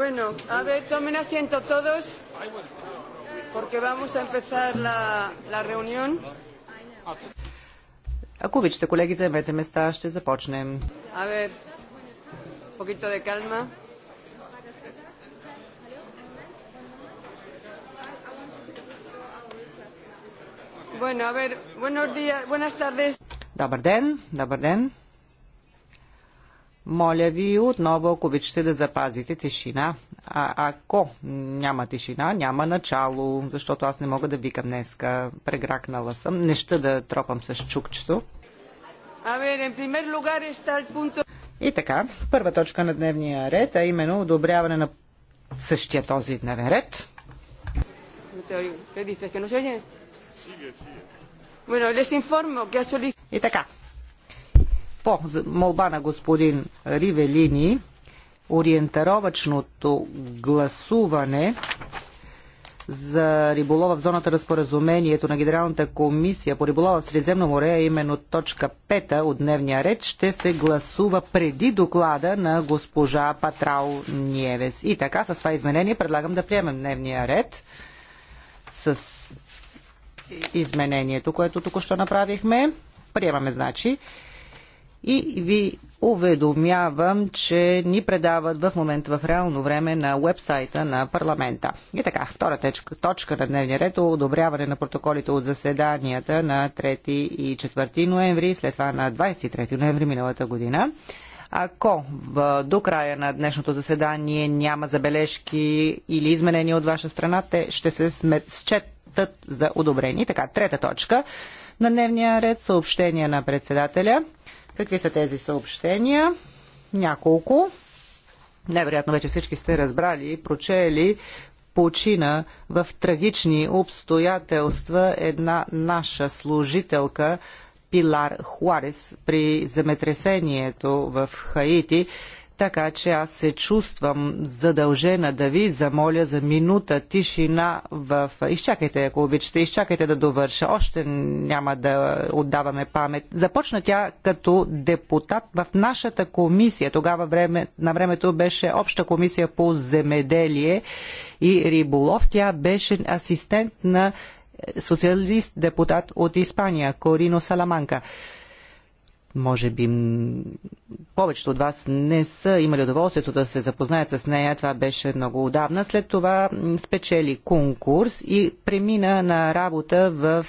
Bueno, a ver, tomen asiento todos, porque vamos a empezar la, la reunión. Ако обичате, колеги, заемете места, ще започнем. A ver, un poquito de calma. Bueno, a ver, buenos días, buenas tardes. Добър ден, добър ден. Моля ви отново, ако обичате да запазите тишина. А ако няма тишина, няма начало, защото аз не мога да викам днеска. Прегракнала съм. Не ще да тропам с чукчето. И така, първа точка на дневния ред, а именно одобряване на същия този дневен ред. И така, по молба на господин Ривелини ориентировачното гласуване за риболова в зоната на споразумението на Генералната комисия по риболова в Средиземно море, именно точка 5 от дневния ред, ще се гласува преди доклада на госпожа Патрал Ниевес. И така, с това изменение предлагам да приемем дневния ред с изменението, което току-що направихме. Приемаме, значи, и ви уведомявам, че ни предават в момента в реално време на вебсайта на парламента. И така, втора точка, точка на дневния ред е одобряване на протоколите от заседанията на 3 и 4 ноември, след това на 23 ноември миналата година. Ако в до края на днешното заседание няма забележки или изменения от ваша страна, те ще се счетат за одобрени. Така, трета точка на дневния ред съобщение на председателя – Какви са тези съобщения? Няколко. Невероятно вече всички сте разбрали и прочели почина в трагични обстоятелства една наша служителка Пилар Хуарес при земетресението в Хаити така че аз се чувствам задължена да ви замоля за минута тишина в... Изчакайте, ако обичате, изчакайте да довърша. Още няма да отдаваме памет. Започна тя като депутат в нашата комисия. Тогава време, на времето беше обща комисия по земеделие и риболов. Тя беше асистент на социалист депутат от Испания, Корино Саламанка може би повечето от вас не са имали удоволствието да се запознаят с нея. Това беше много отдавна. След това спечели конкурс и премина на работа в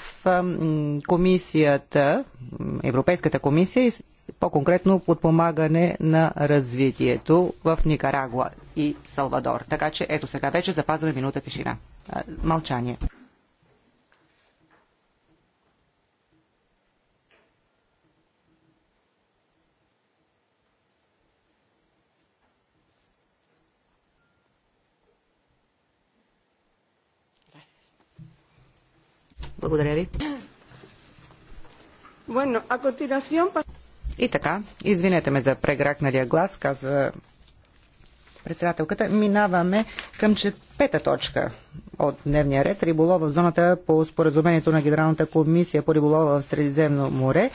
комисията, Европейската комисия и по-конкретно подпомагане на развитието в Никарагуа и Салвадор. Така че ето сега вече запазваме минута тишина. Мълчание. Благодаря ви. И така, извинете ме за прегракналия глас, казва председателката. Минаваме към пета точка от дневния ред. Риболова в зоната по споразумението на Генералната комисия по риболова в Средиземно море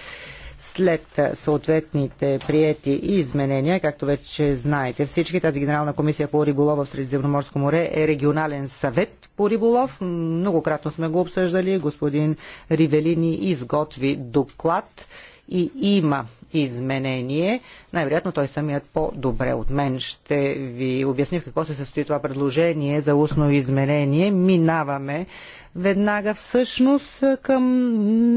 след съответните приети и изменения, както вече знаете всички, тази Генерална комисия по риболова в Средиземноморско море е регионален съвет по риболов. Многократно сме го обсъждали. Господин Ривелини изготви доклад и има изменение, най-вероятно той самият по-добре от мен ще ви обясни в какво се състои това предложение за устно изменение. Минаваме веднага всъщност към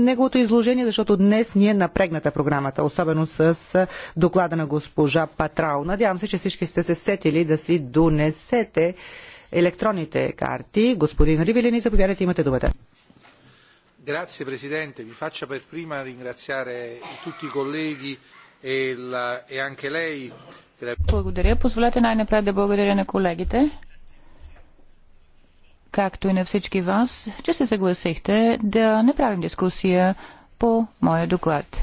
неговото изложение, защото днес ни е напрегната програмата, особено с доклада на госпожа Патрал. Надявам се, че всички сте се сетили да си донесете електронните карти. Господин Ривелини, заповядайте, имате думата. Grazie Presidente, vi faccia per prima ringraziare tutti i colleghi e, la, e anche lei. Благодаря. Позволете най-напред да благодаря на колегите, както и на всички вас, че се съгласихте да направим дискусия по моя доклад.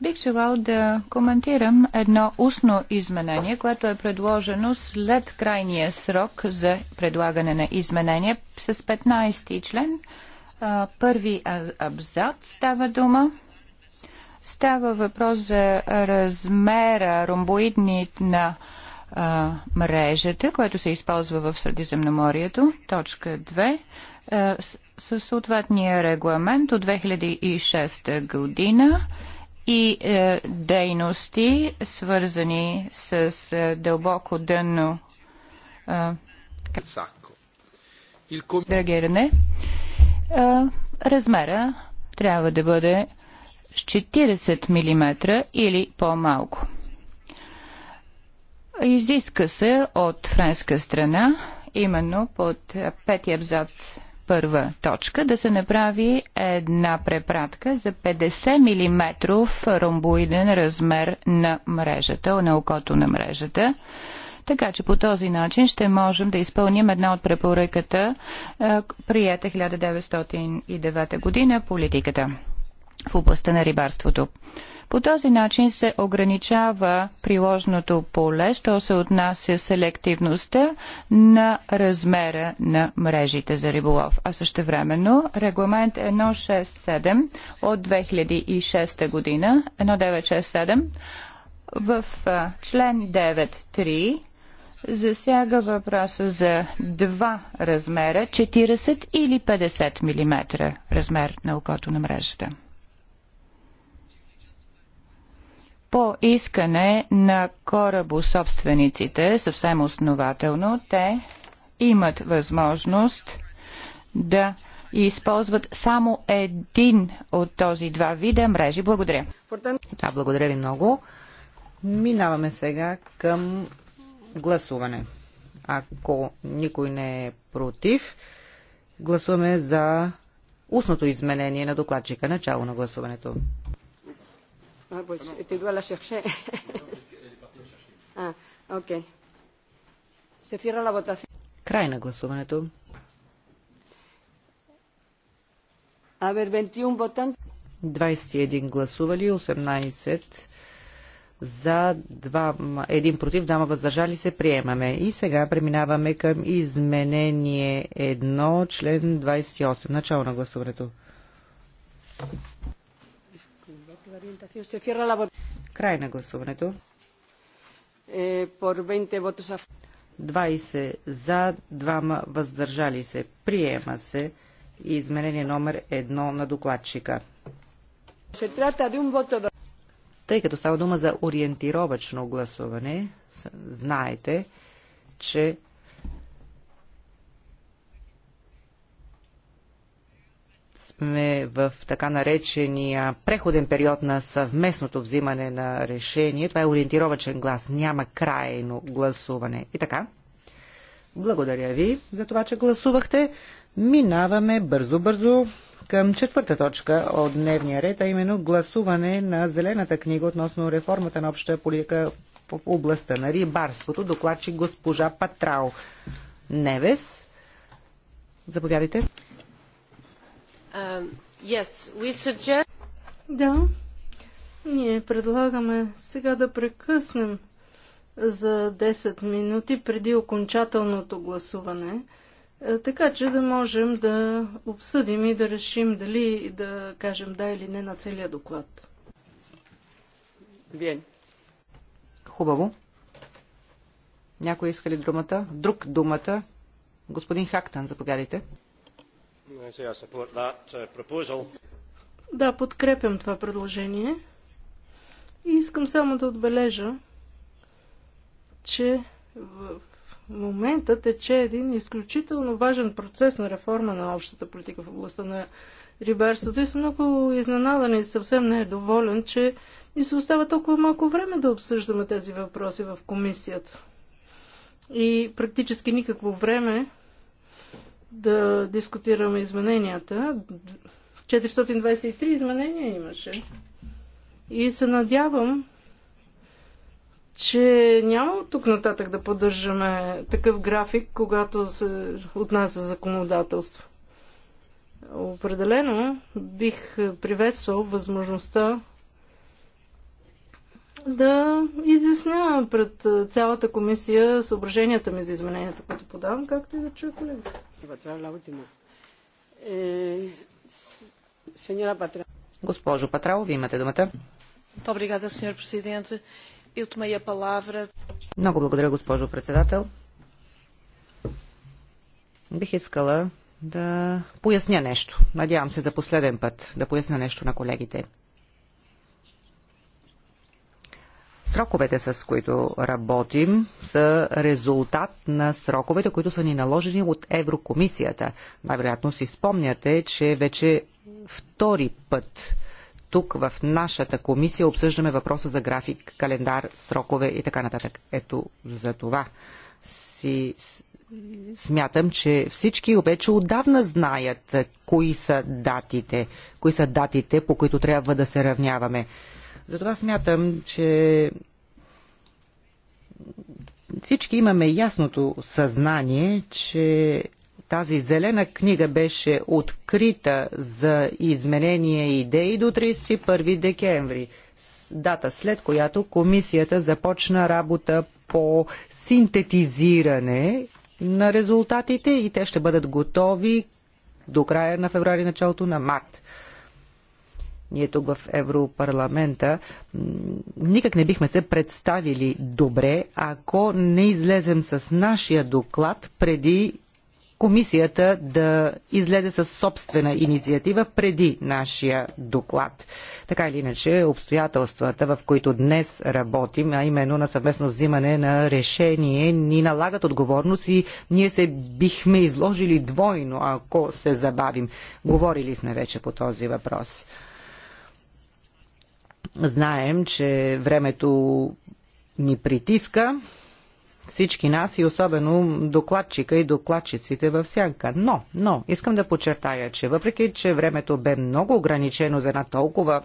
Бих желал да коментирам едно устно изменение, което е предложено след крайния срок за предлагане на изменение с 15 член първи абзац става дума. Става въпрос за размера ромбоидни на а, мрежата, което се използва в Средиземноморието. Точка 2. със съответния регламент от 2006 година и е, дейности, свързани с е, дълбоко дънно е, драгиране размера трябва да бъде с 40 мм или по-малко. Изиска се от френска страна, именно под петия абзац първа точка, да се направи една препратка за 50 мм ромбоиден размер на мрежата, на окото на мрежата. Така че по този начин ще можем да изпълним една от препоръката, е, прията 1909 година, политиката в областта на рибарството. По този начин се ограничава приложното поле, що се отнася селективността на размера на мрежите за риболов. А също времено регламент 167 от 2006 година, 1967, в член 9.3 засяга въпроса за два размера 40 или 50 мм размер на окото на мрежата. По искане на корабособствениците, съвсем основателно, те имат възможност да използват само един от този два вида мрежи. Благодаря. Да, благодаря ви много. Минаваме сега към гласуване. Ако никой не е против, гласуваме за устното изменение на докладчика. Начало на гласуването. Ah, ah, Край на гласуването. 21 21 гласували, 18 за два, един против, двама въздържали се, приемаме. И сега преминаваме към изменение 1, член 28. Начало на гласуването. Край на гласуването. 20 е, за, двама въздържали се. Приема се изменение номер 1 на докладчика. Се трата de вот voto тъй като става дума за ориентировачно гласуване, знаете, че сме в така наречения преходен период на съвместното взимане на решение. Това е ориентировачен глас, няма крайно гласуване. И така, благодаря ви за това, че гласувахте. Минаваме бързо-бързо към четвърта точка от дневния ред, а именно гласуване на Зелената книга относно реформата на обща политика в областта на рибарството. докладчи госпожа Патрао Невес. Заповядайте. Uh, yes, suggest... Да, ние предлагаме сега да прекъснем за 10 минути преди окончателното гласуване. Е, така че да можем да обсъдим и да решим дали да кажем да или не на целия доклад. Вие. Хубаво. Някой иска ли думата? Друг думата? Господин Хактан, заповядайте. Uh, да, подкрепям това предложение. И искам само да отбележа, че в момента тече един изключително важен процес на реформа на общата политика в областта на рибарството и съм много изненадан и съвсем не е доволен, че ни се остава толкова малко време да обсъждаме тези въпроси в комисията. И практически никакво време да дискутираме измененията. 423 изменения имаше. И се надявам че няма тук нататък да поддържаме такъв график, когато се отнася законодателство. Определено бих приветствал възможността да изясня пред цялата комисия съображенията ми за измененията, които подавам, както и да чуя колегите. Госпожо Патрало, ви имате думата. Добре, господин президент. Много благодаря, госпожо председател. Бих искала да поясня нещо. Надявам се за последен път да поясня нещо на колегите. Сроковете, с които работим, са резултат на сроковете, които са ни наложени от Еврокомисията. Най-вероятно си спомняте, че вече втори път тук в нашата комисия обсъждаме въпроса за график, календар, срокове и така нататък. Ето за това си смятам, че всички вече отдавна знаят кои са датите, кои са датите, по които трябва да се равняваме. Затова смятам, че всички имаме ясното съзнание, че тази зелена книга беше открита за изменения и идеи до 31 декември, дата след която комисията започна работа по синтетизиране на резултатите и те ще бъдат готови до края на феврари, началото на март. Ние тук в Европарламента никак не бихме се представили добре, ако не излезем с нашия доклад преди комисията да излезе със собствена инициатива преди нашия доклад. Така или иначе, обстоятелствата, в които днес работим, а именно на съвместно взимане на решение, ни налагат отговорност и ние се бихме изложили двойно, ако се забавим. Говорили сме вече по този въпрос. Знаем, че времето ни притиска всички нас и особено докладчика и докладчиците в сянка. Но, но, искам да подчертая, че въпреки, че времето бе много ограничено за една толкова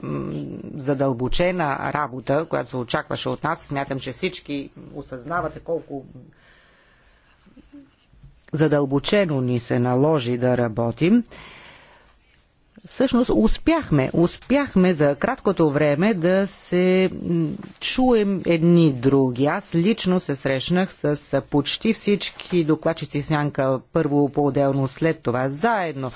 задълбочена работа, която се очакваше от нас, смятам, че всички осъзнавате колко задълбочено ни се наложи да работим, всъщност успяхме, успяхме за краткото време да се чуем едни други. Аз лично се срещнах с почти всички докладчици сянка, първо по-отделно, след това заедно.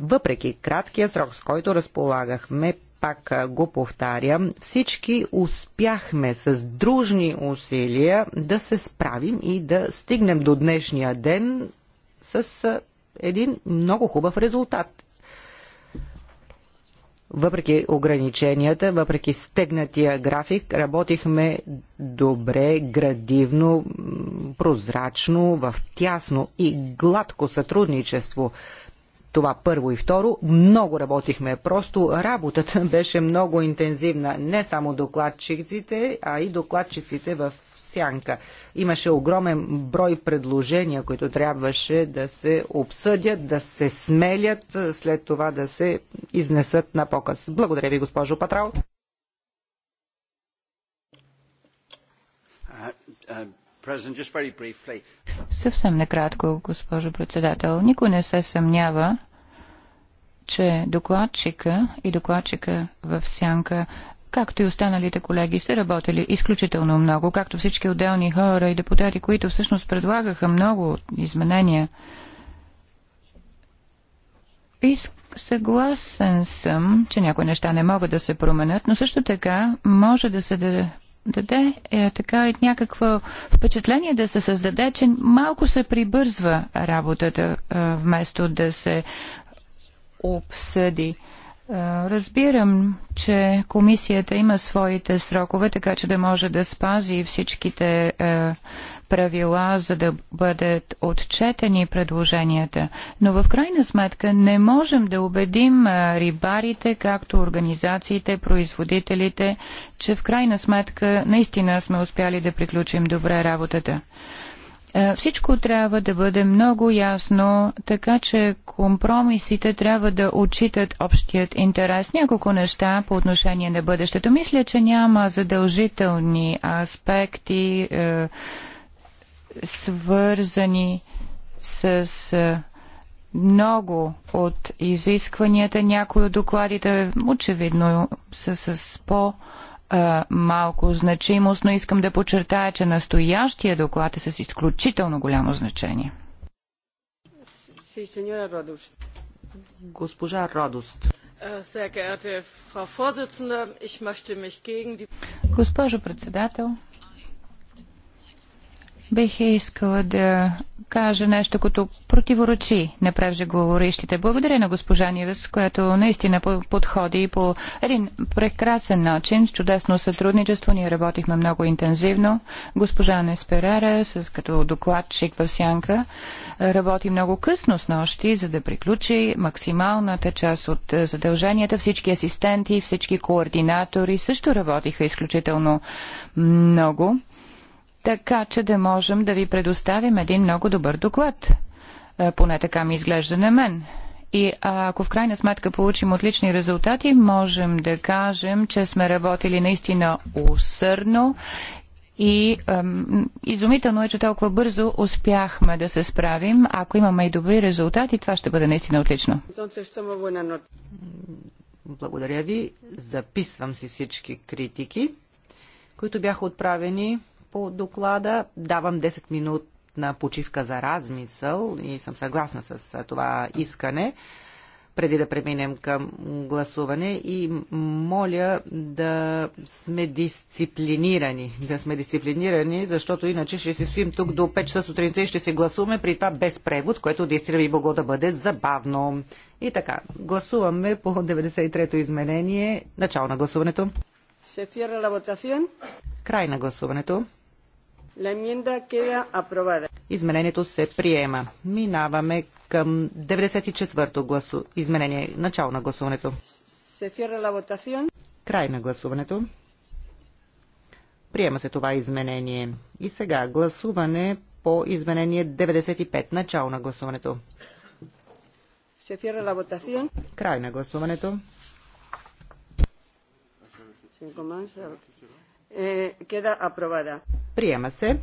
Въпреки краткия срок, с който разполагахме, пак го повтарям, всички успяхме с дружни усилия да се справим и да стигнем до днешния ден с един много хубав резултат. Въпреки ограниченията, въпреки стегнатия график, работихме добре, градивно, прозрачно, в тясно и гладко сътрудничество. Това първо и второ, много работихме. Просто работата беше много интензивна. Не само докладчиците, а и докладчиците в сянка. Имаше огромен брой предложения, които трябваше да се обсъдят, да се смелят, след това да се изнесат на показ. Благодаря ви, госпожо Патрал. Uh, uh, Съвсем накратко, госпожо председател. Никой не се съмнява, че докладчика и докладчика в сянка както и останалите колеги, са работили изключително много, както всички отделни хора и депутати, които всъщност предлагаха много изменения. И съгласен съм, че някои неща не могат да се променят, но също така може да се даде даде е, така и някакво впечатление да се създаде, че малко се прибързва работата, е, вместо да се обсъди. Е, разбирам, че комисията има своите срокове, така че да може да спази всичките е, правила, за да бъдат отчетени предложенията. Но в крайна сметка не можем да убедим е, рибарите, както организациите, производителите, че в крайна сметка наистина сме успяли да приключим добре работата. Е, всичко трябва да бъде много ясно, така че компромисите трябва да отчитат общият интерес. Няколко неща по отношение на бъдещето. Мисля, че няма задължителни аспекти, е, свързани с е, много от изискванията. Някои от докладите очевидно са с по- а, е, малко значимост, но искам да подчертая, че настоящия доклад е с изключително голямо значение. Госпожа Радост. Е, Госпожо председател, Бих искала да кажа нещо, като противоречи на преждеговорищите. Благодаря на госпожа Нивес, която наистина подходи по един прекрасен начин, с чудесно сътрудничество. Ние работихме много интензивно. Госпожа Несперера, с, като докладчик в Сянка, работи много късно с нощи, за да приключи максималната част от задълженията. Всички асистенти, всички координатори също работиха изключително много така че да можем да ви предоставим един много добър доклад. Е, поне така ми изглежда на мен. И ако в крайна сметка получим отлични резултати, можем да кажем, че сме работили наистина усърдно и ем, изумително е, че толкова бързо успяхме да се справим. Ако имаме и добри резултати, това ще бъде наистина отлично. Благодаря ви. Записвам си всички критики, които бяха отправени по доклада. Давам 10 минут на почивка за размисъл и съм съгласна с това искане преди да преминем към гласуване и моля да сме дисциплинирани. Да сме дисциплинирани, защото иначе ще си стоим тук до 5 часа сутринта и ще си гласуваме при това без превод, което действително би могло да бъде забавно. И така, гласуваме по 93-то изменение. Начало на гласуването. Се фира Край на гласуването. Изменението се приема. Минаваме към 94-то гласу... изменение. Начало на гласуването. Край на гласуването. Приема се това изменение. И сега гласуване по изменение 95. Начало на гласуването. Край на гласуването. Eh, queda aprobada. Приема се.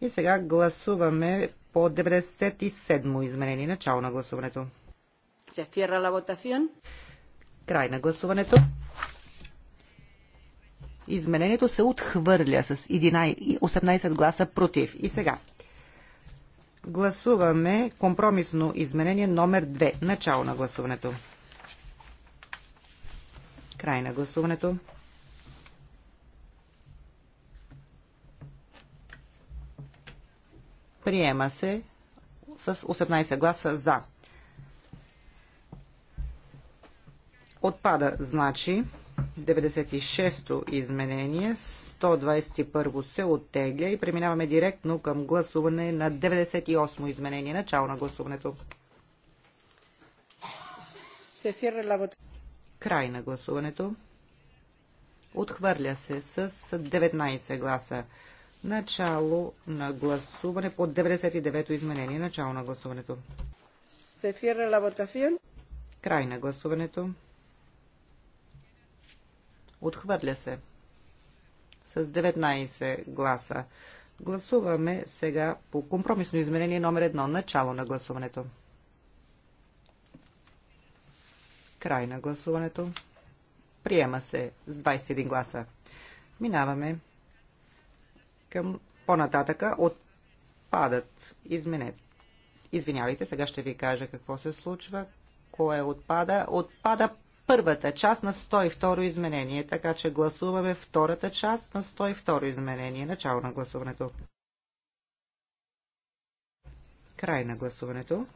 И сега гласуваме по 97-мо изменение. Начало на гласуването. Се фирра ла votación. Край на гласуването. Изменението се отхвърля с 11, 18 гласа против. И сега гласуваме компромисно изменение номер 2. Начало на гласуването. Край на гласуването. Приема се с 18 гласа за. Отпада, значи, 96-то изменение, 121 се оттегля и преминаваме директно към гласуване на 98 изменение, начало на гласуването. Край на гласуването. Отхвърля се с 19 гласа. Начало на гласуване по 99-то изменение. Начало на гласуването. Се cierra ла votación. Край на гласуването. Отхвърля се. С 19 гласа. Гласуваме сега по компромисно изменение номер 1. Начало на гласуването. Край на гласуването. Приема се с 21 гласа. Минаваме към по-нататъка отпадат. Изменете. Извинявайте, сега ще ви кажа какво се случва, кое отпада. Отпада първата част на 102 изменение, така че гласуваме втората част на 102 изменение. Начало на гласуването. Край на гласуването.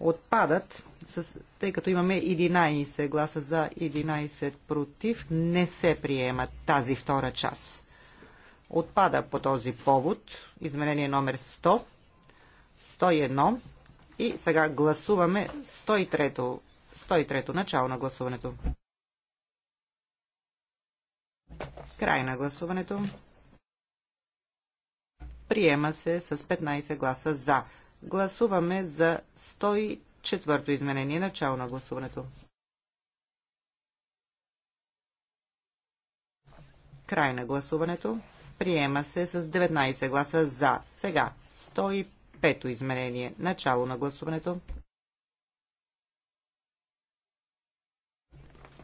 Отпадат с, тъй като имаме 11 гласа за 11 против, не се приема тази втора част. Отпада по този повод изменение номер 100, 101 и сега гласуваме 103-то 103 начало на гласуването. Край на гласуването. Приема се с 15 гласа за. Гласуваме за Четвърто изменение. Начало на гласуването. Край на гласуването. Приема се с 19 гласа за. Сега 105-то изменение. Начало на гласуването.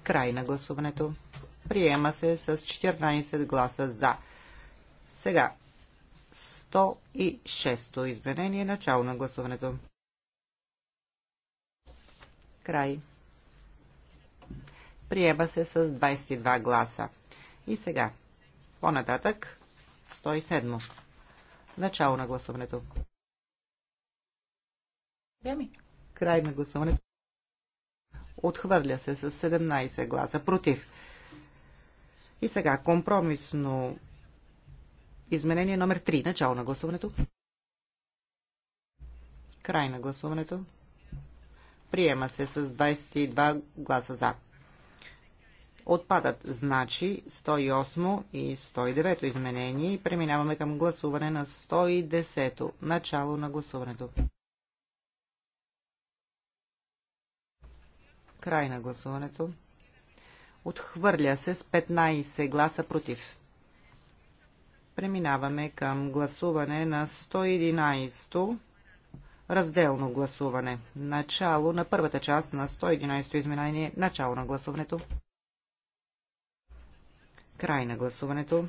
Край на гласуването. Приема се с 14 гласа за. Сега 106-то изменение. Начало на гласуването. Край. Приема се с 22 гласа. И сега, по-нататък, 107. Начало на гласуването. Еми. Край на гласуването. Отхвърля се с 17 гласа против. И сега компромисно изменение номер 3. Начало на гласуването. Край на гласуването. Приема се с 22 гласа за. Отпадат значи 108 и 109 изменение и преминаваме към гласуване на 110. Начало на гласуването. Край на гласуването. Отхвърля се с 15 гласа против. Преминаваме към гласуване на 111 разделно гласуване. Начало на първата част на 111-то изменение. Начало на гласуването. Край на гласуването.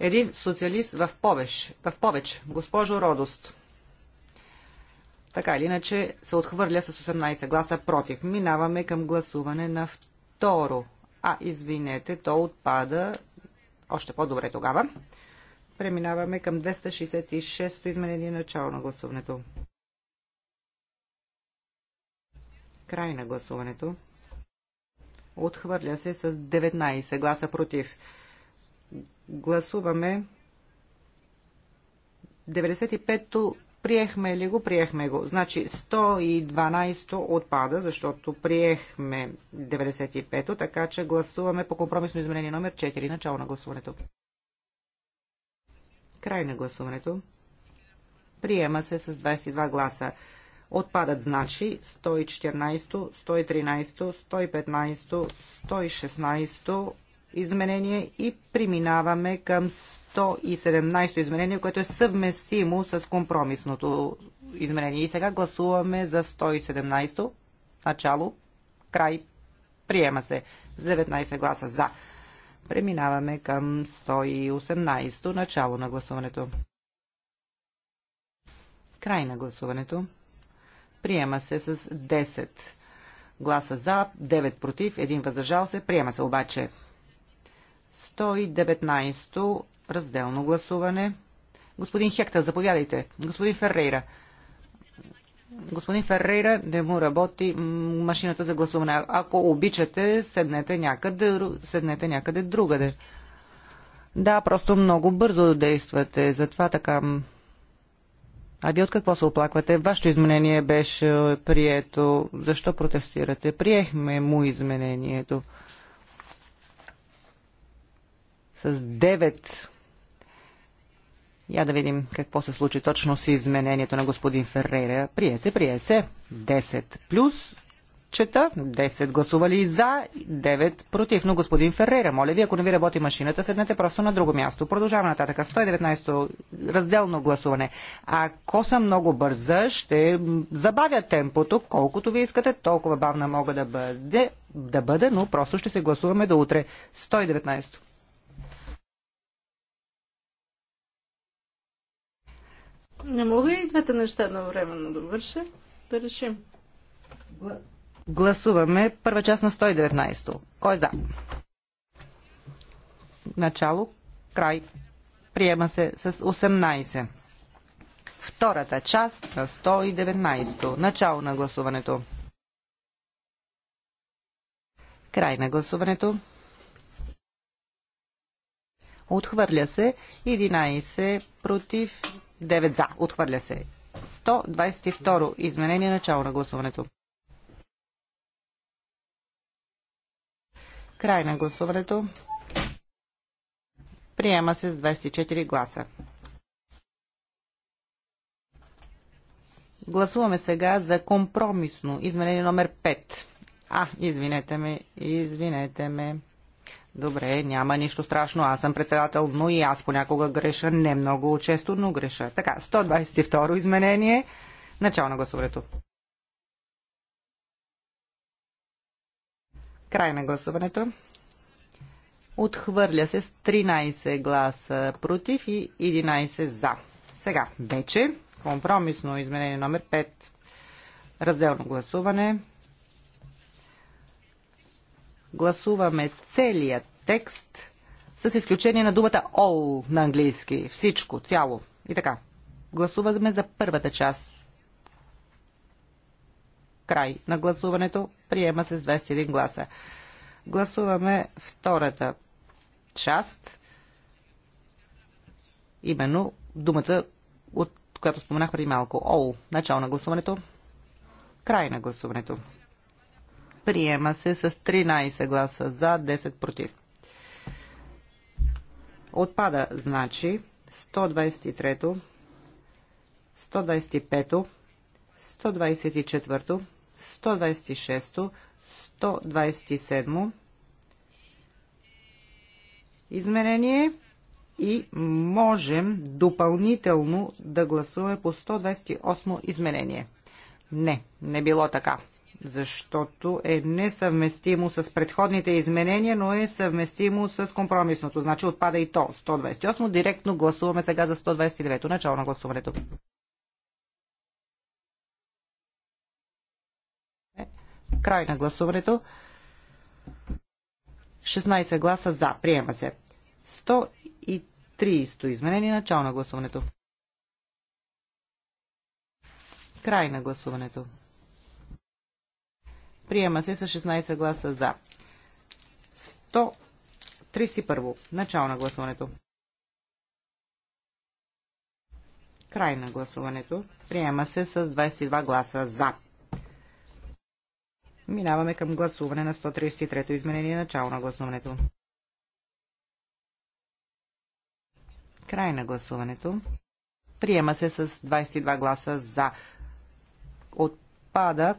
Един социалист в повеч. В повеч. Госпожо Родост. Така или иначе се отхвърля с 18 гласа против. Минаваме към гласуване на второ. А, извинете, то отпада. Още по-добре тогава. Преминаваме към 266-то изменение начало на гласуването. Край на гласуването. Отхвърля се с 19 гласа против. Гласуваме 95-то приехме ли го? Приехме го. Значи 112 отпада, защото приехме 95-то, така че гласуваме по компромисно изменение номер 4. Начало на гласуването. Край на гласуването. Приема се с 22 гласа. Отпадат значи 114, 113, 115, 116 изменение и преминаваме към 117 изменение, което е съвместимо с компромисното изменение. И сега гласуваме за 117 начало, край, приема се с 19 гласа за. Преминаваме към 118 то начало на гласуването. Край на гласуването. Приема се с 10 гласа за, 9 против, 1 въздържал се. Приема се обаче 119 то разделно гласуване. Господин Хекта, заповядайте. Господин Феррейра господин Феррейра не му работи машината за гласуване. Ако обичате, седнете някъде, седнете някъде другаде. Да, просто много бързо действате, затова така... А ви от какво се оплаквате? Вашето изменение беше прието. Защо протестирате? Приехме му изменението. С девет. Я да видим какво се случи точно с изменението на господин Феррера. Прие се, прие се. 10 плюс чета, 10 гласували за, 9 против. Но господин Феррера, моля ви, ако не ви работи машината, седнете просто на друго място. Продължаваме нататък. 119 разделно гласуване. Ако съм много бърза, ще забавя темпото. Колкото ви искате, толкова бавна мога да бъде, да бъде, но просто ще се гласуваме до утре. 119. Не мога и двете неща едновременно да върша. Да решим. Гласуваме първа част на 119. то Кой е за? Начало, край. Приема се с 18. Втората част на 119. то Начало на гласуването. Край на гласуването. Отхвърля се 11 против 9 за. Отхвърля се. 122 изменение начало на гласуването. Край на гласуването. Приема се с 24 гласа. Гласуваме сега за компромисно изменение номер 5. А, извинете ме, извинете ме. Добре, няма нищо страшно. Аз съм председател, но и аз понякога греша. Не много често, но греша. Така, 122 изменение. Начало на гласуването. Край на гласуването. Отхвърля се с 13 гласа против и 11 за. Сега, вече, компромисно изменение номер 5. Разделно гласуване гласуваме целият текст с изключение на думата all на английски. Всичко, цяло. И така. Гласуваме за първата част. Край на гласуването. Приема се с 21 гласа. Гласуваме втората част. Именно думата, от която споменах преди малко. All. Начало на гласуването. Край на гласуването. Приема се с 13 гласа за, 10 против. Отпада, значи, 123-то, 125-то, 124-то, 126-то, 127-то изменение и можем допълнително да гласуваме по 128 изменение. Не, не било така защото е несъвместимо с предходните изменения, но е съвместимо с компромисното. Значи отпада и то. 128. Директно гласуваме сега за 129. Начало на гласуването. Е, край на гласуването. 16 гласа за. Приема се. 130 изменение. Начало на гласуването. Край на гласуването. Приема се с 16 гласа за. 131. Начало на гласуването. Край на гласуването. Приема се с 22 гласа за. Минаваме към гласуване на 133-то изменение начало на гласуването. Край на гласуването. Приема се с 22 гласа за. Отпада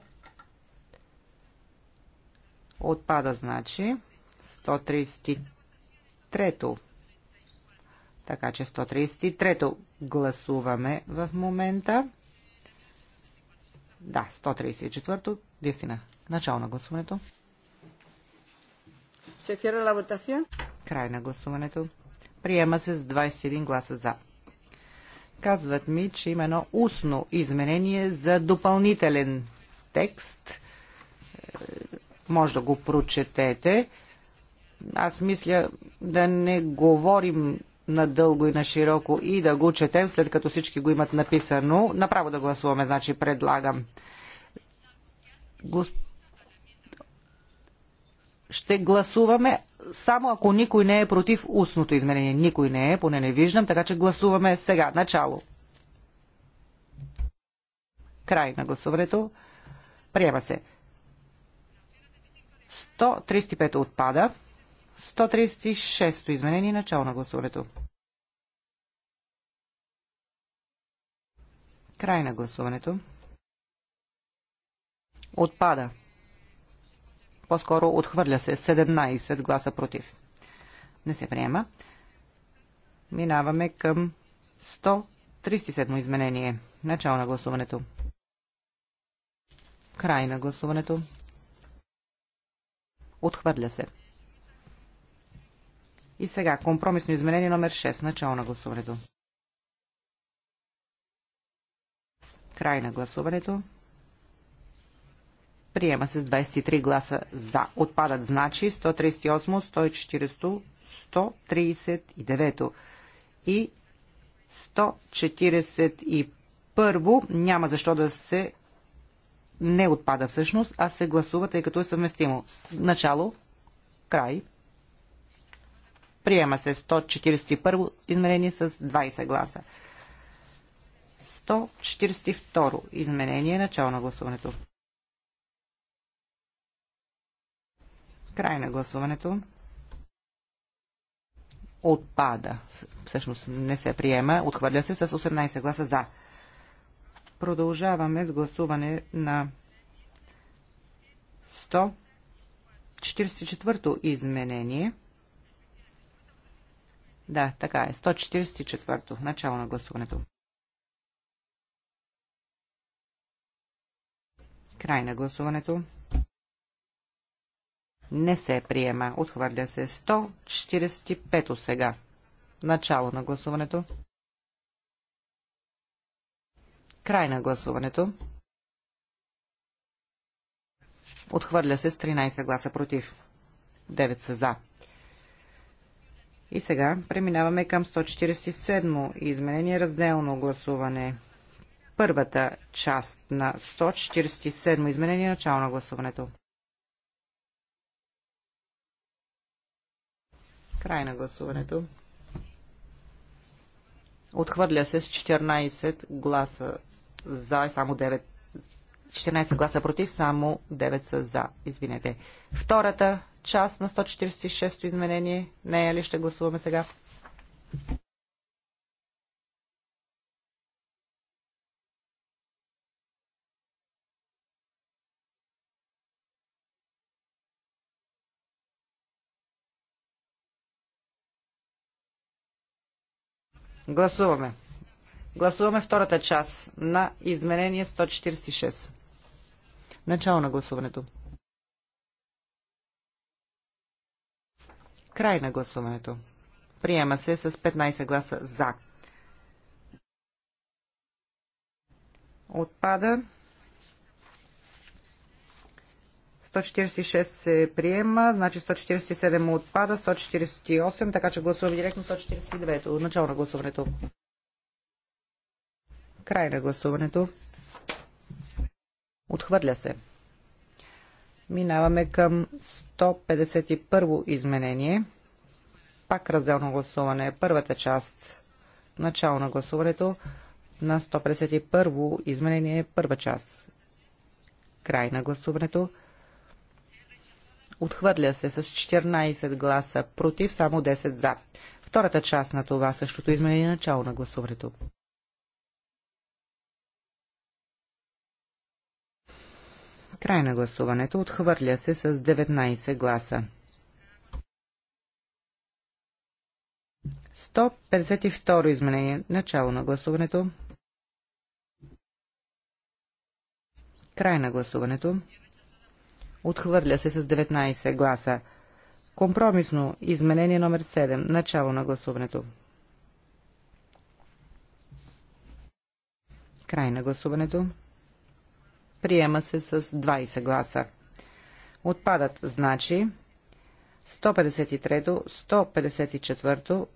Отпада, значи, 133-то. Така че 133-то гласуваме в момента. Да, 134-то, Дистина. Начало на гласуването. Се ла вотация. Край на гласуването. Приема се с 21 гласа за. Казват ми, че има едно устно изменение за допълнителен текст може да го прочетете. Аз мисля да не говорим надълго и на широко и да го четем, след като всички го имат написано. Направо да гласуваме, значи предлагам. Госп... Ще гласуваме само ако никой не е против устното изменение. Никой не е, поне не виждам, така че гласуваме сега. Начало. Край на гласуването. Приема се. 135 отпада. 136 изменение начало на гласуването. Край на гласуването. Отпада. По-скоро отхвърля се 17 гласа против. Не се приема. Минаваме към 137 изменение. Начало на гласуването. Край на гласуването. Отхвърля се. И сега, компромисно изменение номер 6, начало на гласуването. Край на гласуването. Приема се с 23 гласа за. Отпадат значи 138, 140, 139 и 141. Няма защо да се не отпада всъщност, а се гласува, тъй като е съвместимо. Начало, край. Приема се 141 изменение с 20 гласа. 142 изменение, начало на гласуването. Край на гласуването. Отпада. Всъщност не се приема. Отхвърля се с 18 гласа за. Продължаваме с гласуване на 144-то изменение. Да, така е. 144-то. Начало на гласуването. Край на гласуването. Не се приема. Отхвърля се 145 то сега. Начало на гласуването. Край на гласуването. Отхвърля се с 13 гласа против. 9 са за. И сега преминаваме към 147 изменение разделно гласуване. Първата част на 147 изменение начало на гласуването. Край на гласуването. Отхвърля се с 14 гласа за и само 9 14 гласа против, само 9 са за. Извинете. Втората част на 146-то изменение, нея ли ще гласуваме сега? Гласуваме. Гласуваме втората част на изменение 146. Начало на гласуването. Край на гласуването. Приема се с 15 гласа за. Отпада. 146 се приема, значи 147 отпада, 148, така че гласуваме директно 149. Начало на гласуването. Край на гласуването. Отхвърля се. Минаваме към 151 изменение. Пак разделно гласуване. Първата част. Начало на гласуването на 151 изменение. Първа част. Край на гласуването. Отхвърля се с 14 гласа против, само 10 за. Втората част на това същото изменение. Начало на гласуването. Край на гласуването. Отхвърля се с 19 гласа. 152 изменение. Начало на гласуването. Край на гласуването. Отхвърля се с 19 гласа. Компромисно изменение номер 7. Начало на гласуването. Край на гласуването. Приема се с 20 гласа. Отпадат, значи, 153, 154,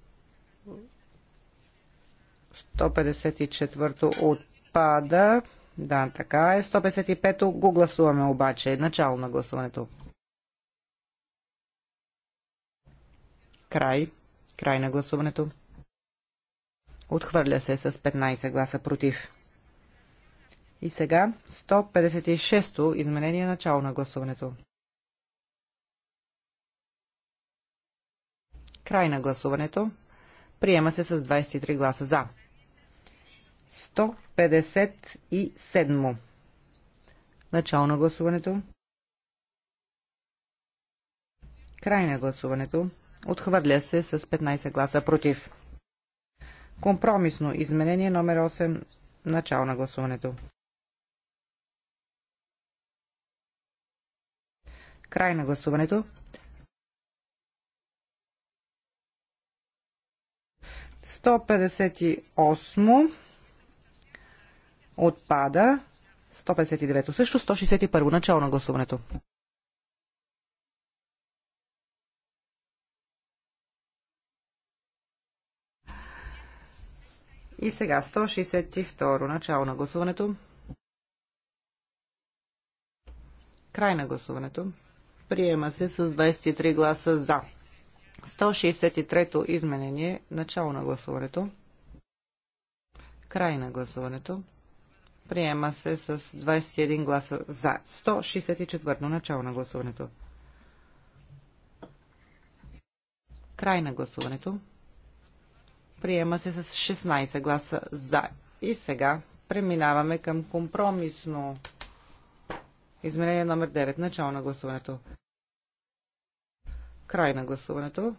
154 то отпада. Да, така е. 155 то го гласуваме обаче. Начало на гласуването. Край. Край на гласуването. Отхвърля се с 15 гласа против. И сега 156-то изменение начало на гласуването. Край на гласуването. Приема се с 23 гласа за. 157. Начало на гласуването. Край на гласуването. Отхвърля се с 15 гласа против. Компромисно изменение номер 8. Начало на гласуването. Край на гласуването. Сто отпада. 159 също, 161 начало на гласуването. И сега 162 начало на гласуването. Край на гласуването. Приема се с 23 гласа за. 163-то изменение. Начало на гласуването. Край на гласуването. Приема се с 21 гласа за. 164-то начало на гласуването. Край на гласуването. Приема се с 16 гласа за. И сега преминаваме към компромисно изменение номер 9. Начало на гласуването. Край на гласуването.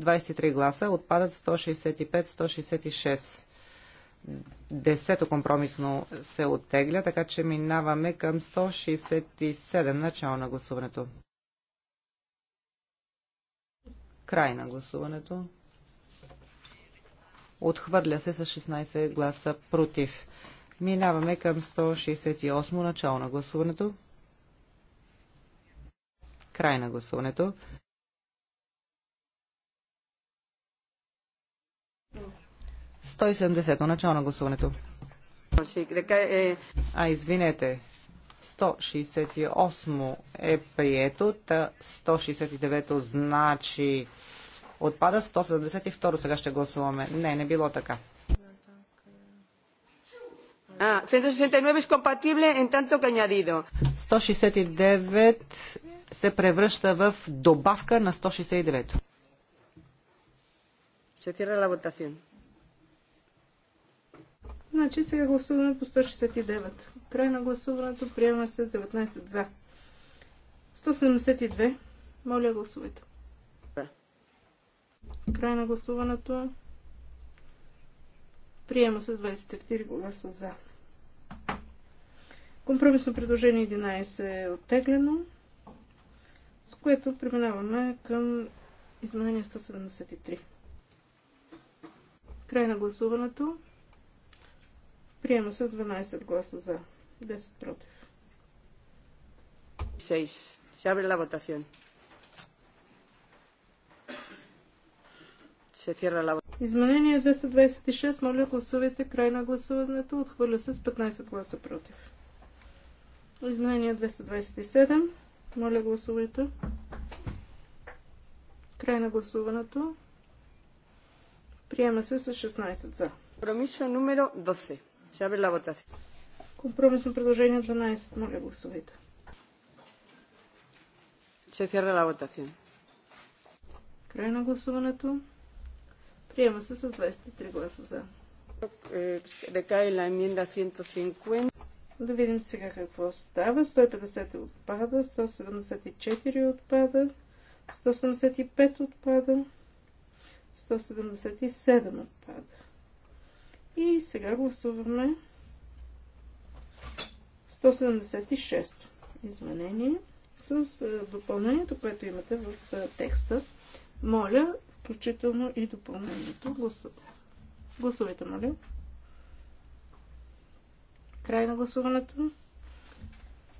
23 гласа, отпадат 165-166. Десето компромисно се оттегля, така че минаваме към 167 начало на гласуването. Край на гласуването. Отхвърля се с 16 гласа против. Минаваме към 168 начало на гласуването. Край на гласуването. Сто и седемдесето. Начало на гласуването. А, извинете. 168 е прието, 169 значи отпада, 172 сега ще гласуваме. Не, не било така. А, 169 е compatible en tanto que añadido. 169 се превръща в добавка на 169-то. Се тира la Значи сега гласуваме по 169. Край на гласуването приема се 19 за. 172. Моля гласувайте. Да. Край на гласуването приема се 24 гласа за. Компромисно предложение 11 е оттеглено. С което преминаваме към изменение 173. Край на гласуването. Приема се 12 гласа за, 10 против. 6. Се abre la votación. Се cierra la Изменение 226. Моля гласувайте край на гласуването. Отхвърля се с 15 гласа против. Изменение 227. Моля, гласувайте. Край на гласуването. Приема се с 16 за. Промиса номер 12. Сябе ла вотация. Компромисно предложение 12. Моля, гласувайте. Се цяра на вотация. Край на гласуването. Приема се с 23 гласа за. е, е ла емиенда 150. Да видим сега какво става. 150 отпада, 174 отпада, 175 отпада, 177 отпада. И сега гласуваме 176 изменение с допълнението, което имате в текста. Моля, включително и допълнението. Гласувайте, моля. Край на гласуването.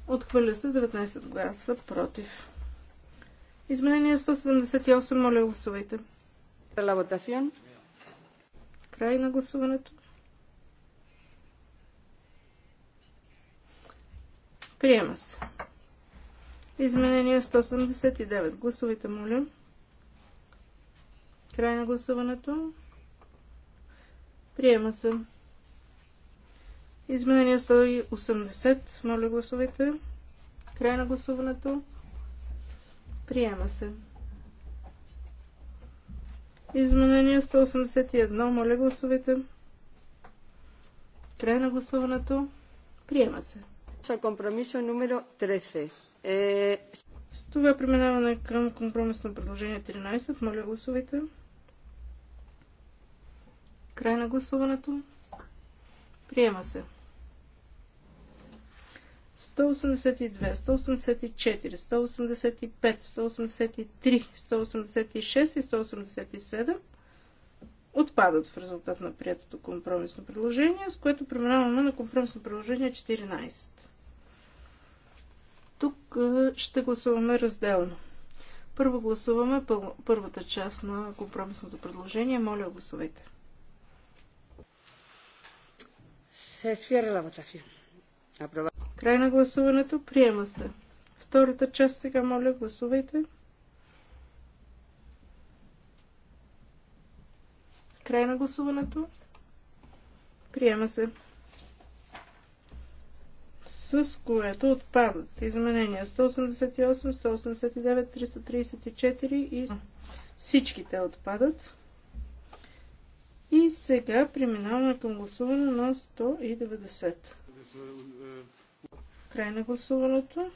Отхвърля се 19 гласа против. Изменение 178. Моля, гласувайте. Край на гласуването. Приема се. Изменение 179. Гласувайте, моля. Край на гласуването. Приема се. Изменение 180. Моля гласовете. Край на гласуването. Приема се. Изменение 181. Моля гласовете. Край на гласуването. Приема се. Компромисо номеро 13. Е... С това преминаваме към компромисно предложение 13. Моля гласовете. Край на гласуването. Приема се. 182, 184, 185, 183, 186 и 187 отпадат в резултат на приятото компромисно предложение, с което преминаваме на компромисно предложение 14. Тук е, ще гласуваме разделно. Първо гласуваме първата част на компромисното предложение. Моля, гласувайте. Се cierra la votación. Aprobado. Край на гласуването. Приема се. Втората част сега, моля, гласувайте. Край на гласуването. Приема се. С което отпадат изменения 188, 189, 334 и всичките отпадат. И сега преминаваме към гласуване на 190. Край на гласуването.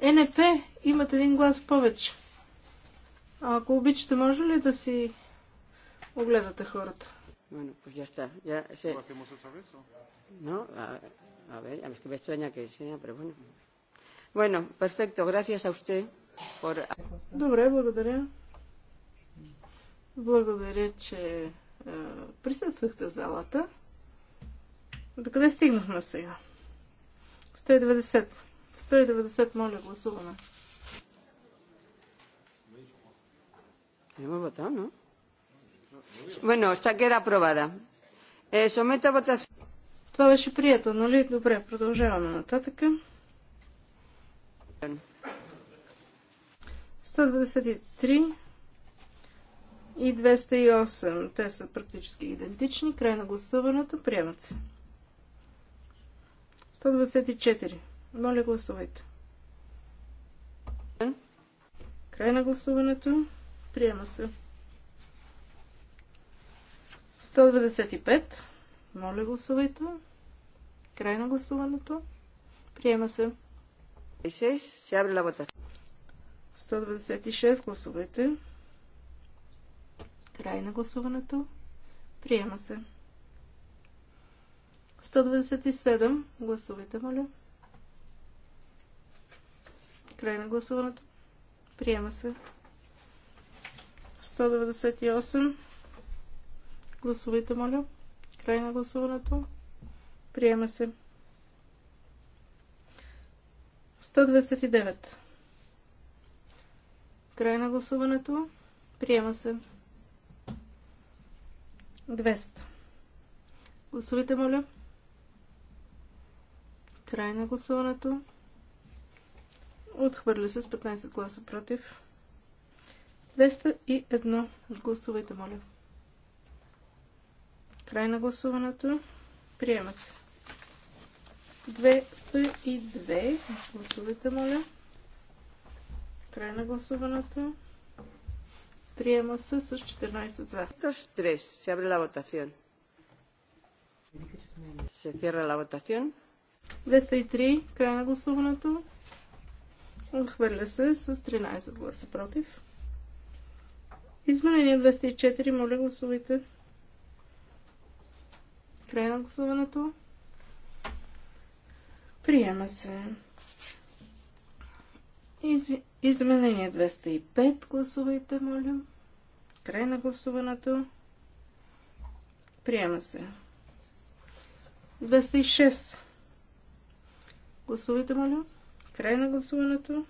Е, НП имат един глас повече. А ако обичате, може ли да си огледате хората? Bueno, pues ya está. Ya sé. ¿Lo hacemos otra vez? O? No, a, a ver, a mí es que me extraña que sea, pero bueno. Bueno, perfecto. Gracias a usted por... Добре, благодаря. Благодаря, че присъствахте в залата къде стигнахме сега? 190. 190, моля, гласуваме. Hemos votado, ¿no? Bueno, esta queda aprobada. Eh, someto a votación. Това беше прието, нали? Добре, продължаваме нататък. 193 и 208. Те са практически идентични. Край на гласуването. Приемат се. 124. Моля, гласувайте. Край на гласуването. Приема се. 195. Моля, гласувайте. Край на гласуването. Приема се. 6. Се абри лавата. 196. Гласувайте. Край на гласуването. Приема се. 197. Гласувайте, моля. Край на гласуването. Приема се. 198. Гласувайте, моля. Край на гласуването. Приема се. 129. Край на гласуването. Приема се. 200. Гласувайте, моля. Край на гласуването. Отхвърля се с 15 гласа против. 201. Гласувайте, моля. Край на гласуването. Приема се. 202. Гласувайте, моля. Край на гласуването. Приема се с 14 за. 3. Се абре la votación. Се cierra la votación. 203, край на гласуването. Отхвърля се с 13 гласа против. Изменение 204, моля гласувайте. Край на гласуването. Приема се. Изви... Изменение 205, гласувайте, моля. Край на гласуването. Приема се. 206. Гласувайте, моля. Край на гласуването.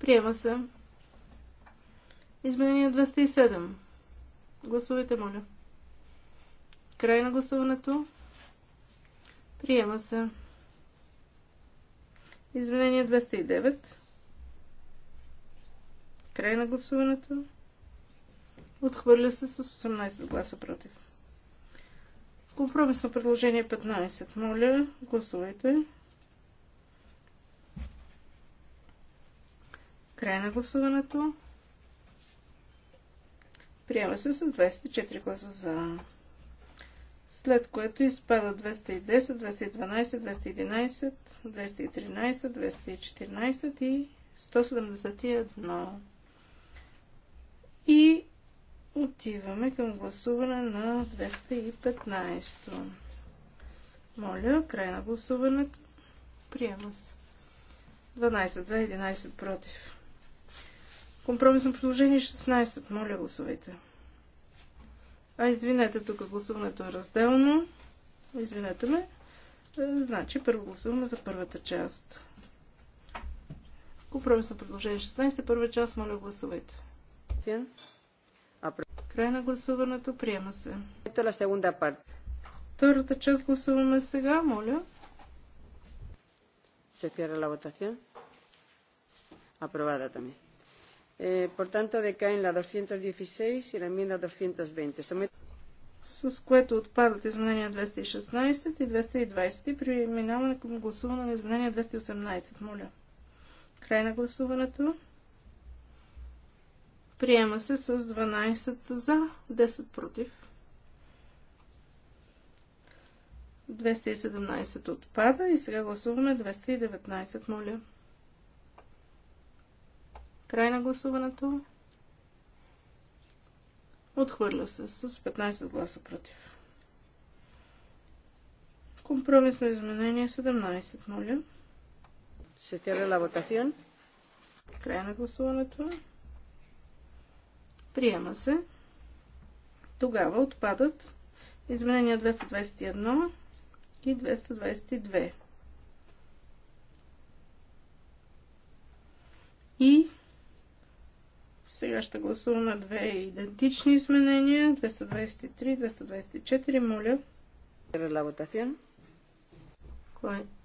Приема се. Изменение 207. Гласувайте, моля. Край на гласуването. Приема се. Изменение 209. Край на гласуването. Отхвърля се с 18 гласа против. Компромисно предложение 15. Моля, гласувайте. Край на гласуването. Приема се с 24 гласа за. След което изпада 210, 212, 211, 213, 214 и 171. И Отиваме към гласуване на 215. Моля, край на гласуването. Приема се. 12 за, 11 против. Компромисно предложение 16. Моля, гласувайте. А, извинете, тук гласуването е разделно. Извинете ме. Е, значи, първо гласуваме за първата част. Компромисно предложение 16. Първа част, моля, гласувайте. Фин. Край на гласуването. Приема се. Ето е сегунда парт. Втората част гласуваме сега, моля. Се фиара ла votación. Апробада тами. por tanto, decaen la 216 y la enmienda 220. Somet... С което отпадат изменения 216 и 220 и преминаваме към гласуване на изменения 218. Моля. Край на гласуването. Приема се с 12 за, 10 против. 217 отпада и сега гласуваме 219, моля. Край на гласуването. Отхвърля се с 15 гласа против. Компромисно изменение 17, моля. Се тяга la Край на гласуването. Приема се. Тогава отпадат изменения 221 и 222. И сега ще гласуваме две идентични изменения. 223-224. Моля.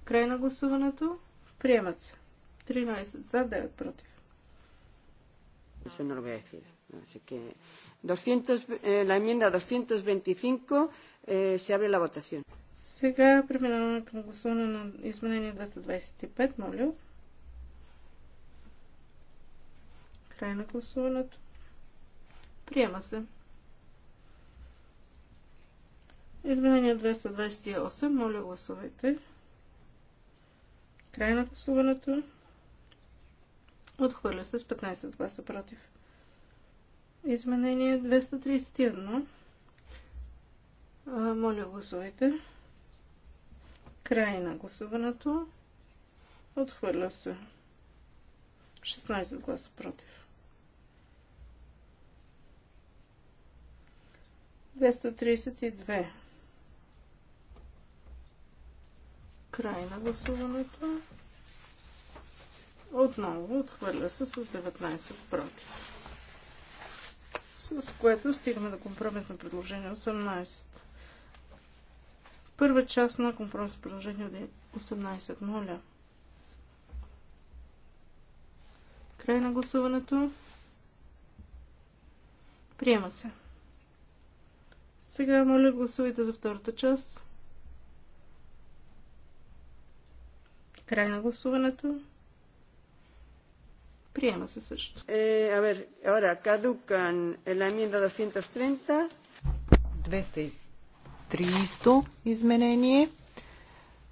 Край на гласуването. Приемат се. 13 за, 9 против. Eso no lo voy a decir. No sé qué. 200, eh, la enmienda 225 eh, se abre la votación. Сега преминаваме към гласуване на изменение 225, моля. Край на гласуването. Приема се. Изменение 228, моля гласувайте. Край на гласуването. Отхвърля се с 15 гласа против. Изменение 231. Моля, гласувайте. Край на гласуването. Отхвърля се. 16 гласа против. 232. Край на гласуването. Отново отхвърля се с 19 против с което стигаме до компромисно предложение 18. Първа част на компромисно предложение 18. Е Край на гласуването. Приема се. Сега, моля, гласувайте за втората част. Край на гласуването. Приема се също. Е, а ver, ahora caducan la enmienda 230. 230 изменение.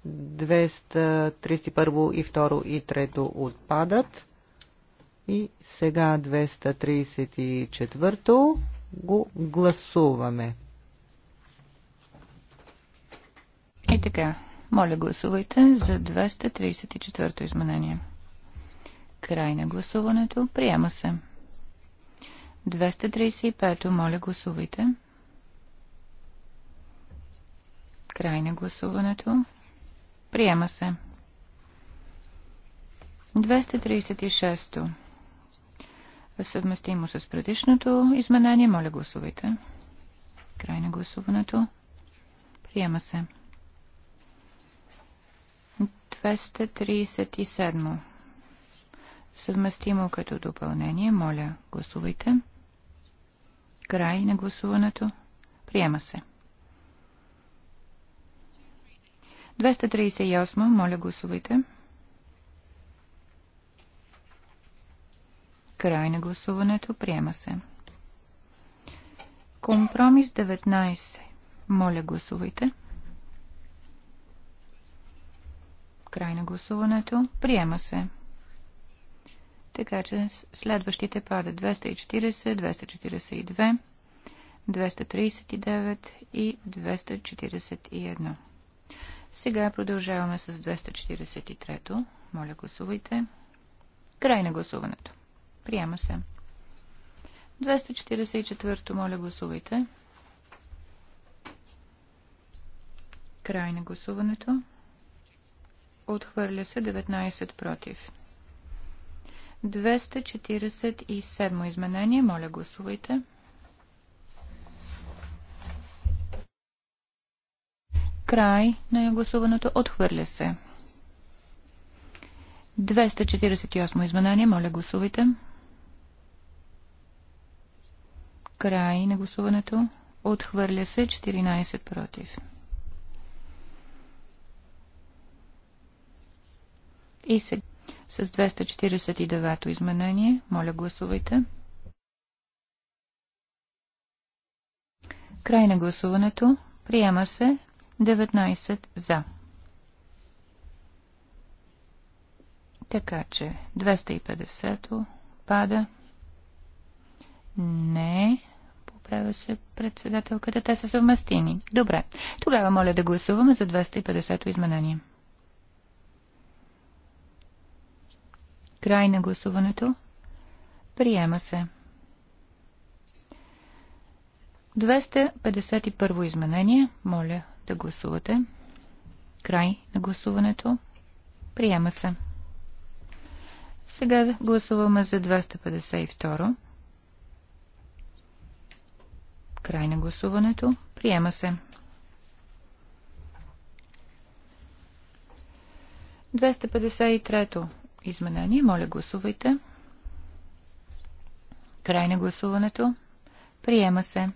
231 и 2 и 3 отпадат. И сега 234 го гласуваме. И така, моля гласувайте за 234 изменение. Край на гласуването. Приема се. 235. Моля, гласувайте. Край на гласуването. Приема се. 236. Съвместимо с предишното изменение. Моля, гласувайте. Край на гласуването. Приема се. 237 съвместимо като допълнение. Моля, гласувайте. Край на гласуването. Приема се. 238. Моля, гласувайте. Край на гласуването. Приема се. Компромис 19. Моля, гласувайте. Край на гласуването. Приема се. Така че следващите падат 240, 242, 239 и 241. Сега продължаваме с 243-то. Моля, гласувайте. Край на гласуването. Приема се. 244-то, моля, гласувайте. Край на гласуването. Отхвърля се 19 против. 247 изменение. Моля, гласувайте. Край на гласуването. Отхвърля се. 248 изменение. Моля, гласувайте. Край на гласуването. Отхвърля се 14 против. И сега с 249 изменение. Моля, гласувайте. Край на гласуването. Приема се 19 за. Така че 250 пада. Не. Поправя се председателката. Те са съвместими. Добре. Тогава моля да гласуваме за 250 изменение. Край на гласуването. Приема се. 251 изменение. Моля да гласувате. Край на гласуването. Приема се. Сега гласуваме за 252. Край на гласуването. Приема се. 253 изменение. Моля, гласувайте. Край на гласуването. Приема се.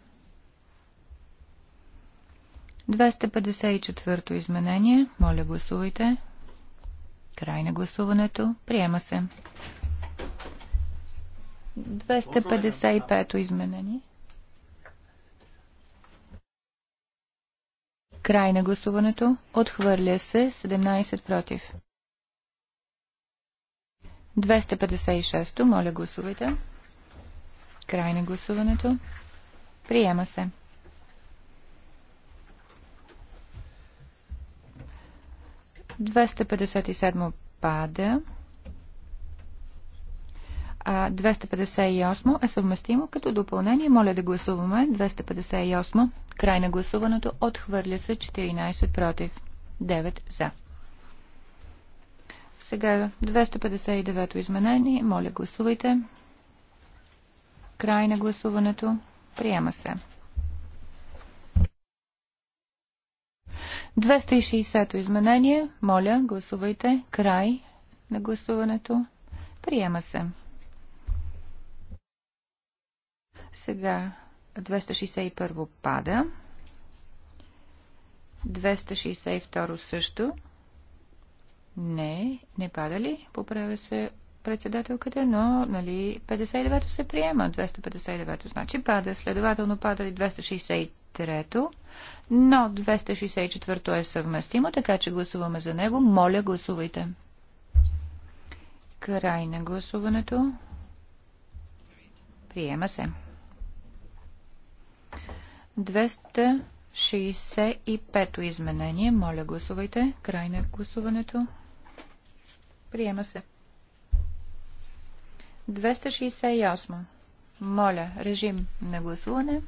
254 изменение. Моля, гласувайте. Край на гласуването. Приема се. 255 то изменение. Край на гласуването. Отхвърля се 17 против. 256. Моля, гласувайте. Край на гласуването. Приема се. Двеста пада. А 258 е съвместимо като допълнение. Моля да гласуваме. 258. Край на гласуването. Отхвърля се 14 против. 9 за. Сега 259-то изменение. Моля, гласувайте. Край на гласуването. Приема се. 260-то изменение. Моля, гласувайте. Край на гласуването. Приема се. Сега 261 пада. 262 също. Не, не пада ли? Поправя се председателката, но нали 59-то се приема. 259-то значи пада, следователно пада ли 263-то, но 264-то е съвместимо, така че гласуваме за него. Моля, гласувайте. Край на гласуването. Приема се. 265-то изменение. Моля, гласувайте. Край на гласуването. Приема се. 268. Моля, режим на гласуване.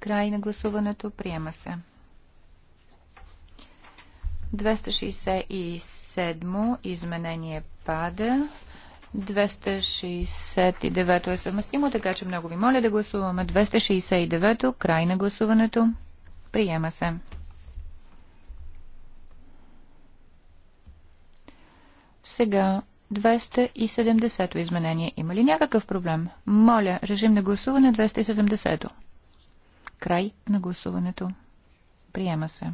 Край на гласуването. Приема се. 267 изменение пада. 269 е съвместимо, така че много ви моля да гласуваме. 269 край на гласуването. Приема се. Сега 270-то изменение. Има ли някакъв проблем? Моля, режим на гласуване 270-то. Край на гласуването. Приема се.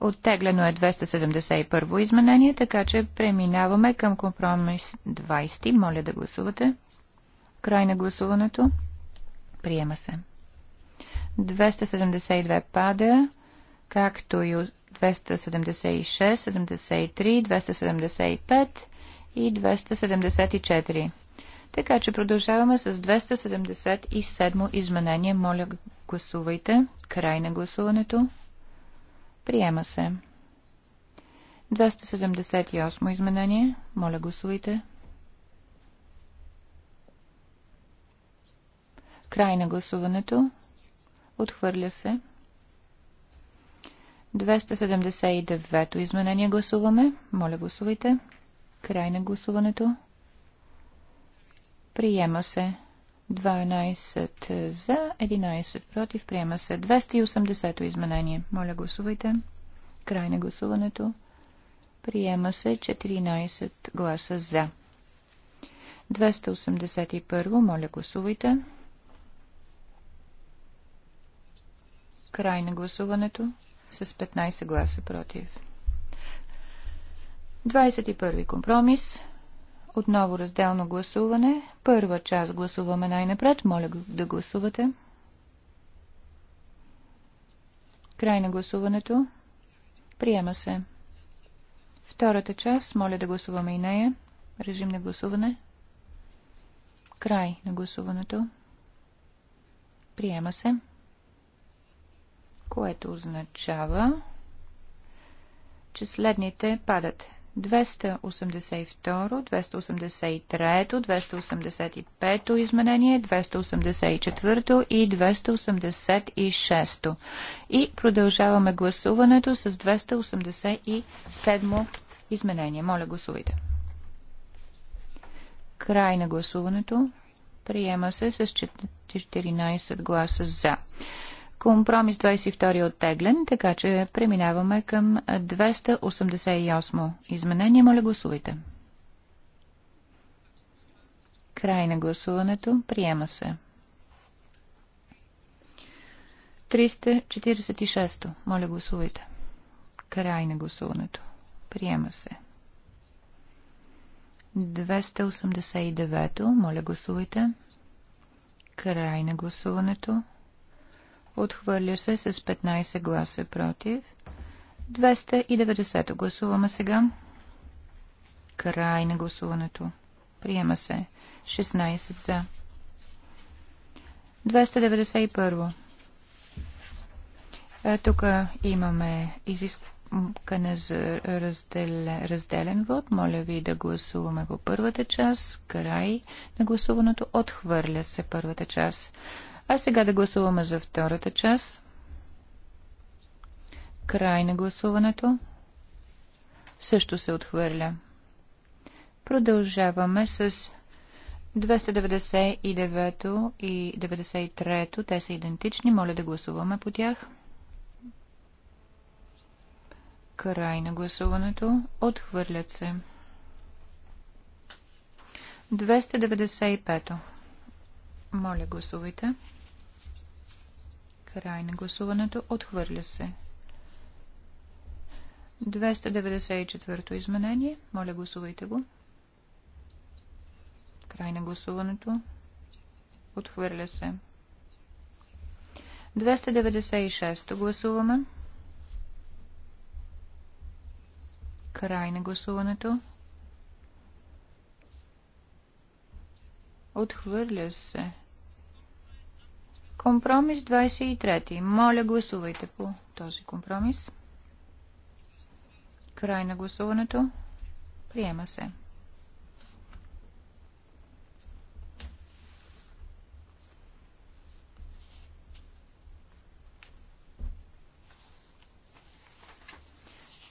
Оттеглено е 271-во изменение, така че преминаваме към компромис 20. Моля да гласувате. Край на гласуването. Приема се. 272 пада, както и 276, 73, 275 и 274. Така че продължаваме с 277 изменение. Моля, гласувайте. Край на гласуването. Приема се. 278 изменение. Моля, гласувайте. Край на гласуването. Отхвърля се. 279-то изменение гласуваме. Моля, гласувайте. Край на гласуването. Приема се. 12 за, 11 против. Приема се. 280-то изменение. Моля, гласувайте. Край на гласуването. Приема се 14 гласа за. 281. Моля, гласувайте. Край на гласуването с 15 гласа против. 21 компромис. Отново разделно гласуване. Първа част гласуваме най-напред. Моля да гласувате. Край на гласуването. Приема се. Втората част. Моля да гласуваме и нея. Режим на гласуване. Край на гласуването. Приема се което означава, че следните падат. 282, 283, 285 то изменение, 284 то и 286. то И продължаваме гласуването с 287 изменение. Моля, гласувайте. Край на гласуването. Приема се с 14 гласа за. Компромис 22 е оттеглен, така че преминаваме към 288 изменение. Моля гласувайте. Край на гласуването. Приема се. 346. Моля гласувайте. Край на гласуването. Приема се. 289. Моля гласувайте. Край на гласуването. Отхвърля се с 15 гласа против. 290 гласуваме сега. Край на гласуването. Приема се. 16 за. 291. Е, тук имаме изискане за разделен, разделен вод. Моля ви да гласуваме по първата част. Край на гласуването. Отхвърля се първата част. А сега да гласуваме за втората част. Край на гласуването. Също се отхвърля. Продължаваме с 299 и 93. Те са идентични. Моля да гласуваме по тях. Край на гласуването. Отхвърлят се. 295. Моля, гласувайте. Край на гласуването. Отхвърля се. 294 то изменение. Моля, гласувайте го. Край на гласуването. Отхвърля се. 296 то гласуваме. Край на гласуването. Отхвърля се. Компромис 23. Моля, гласувайте по този компромис. Край на гласуването. Приема се.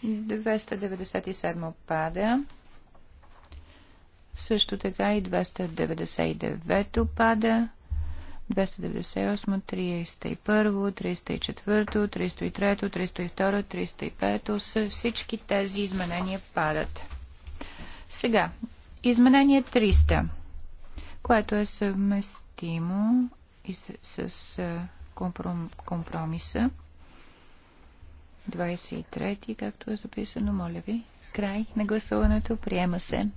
Двеста пада. Също така и 299 пада. 298, 301, 304, 303, 302, 305 са всички тези изменения падат. Сега, изменение 300, което е съвместимо и с, с, с компром, компромиса. 23, както е записано, моля ви. Край на гласуването. Приема се.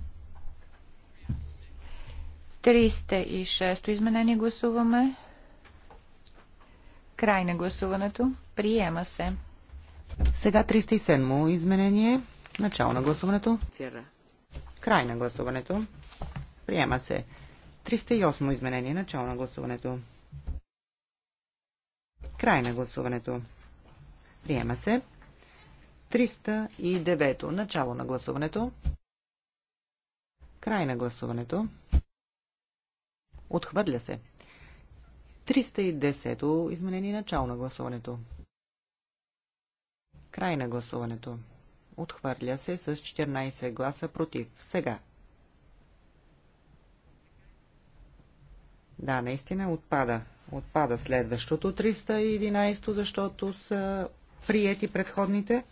306-то изменение гласуваме. Край на гласуването. Приема се. Сега 307-мо изменение. Начало на гласуването. Край на гласуването. Приема се. 308 изменение. Начало на гласуването. Край на гласуването. Приема се. 309. Начало на гласуването. Край на гласуването. Отхвърля се. 310-то изменение начало на гласуването. Край на гласуването. Отхвърля се с 14 гласа против. Сега. Да, наистина отпада. Отпада следващото 311, защото са приети предходните.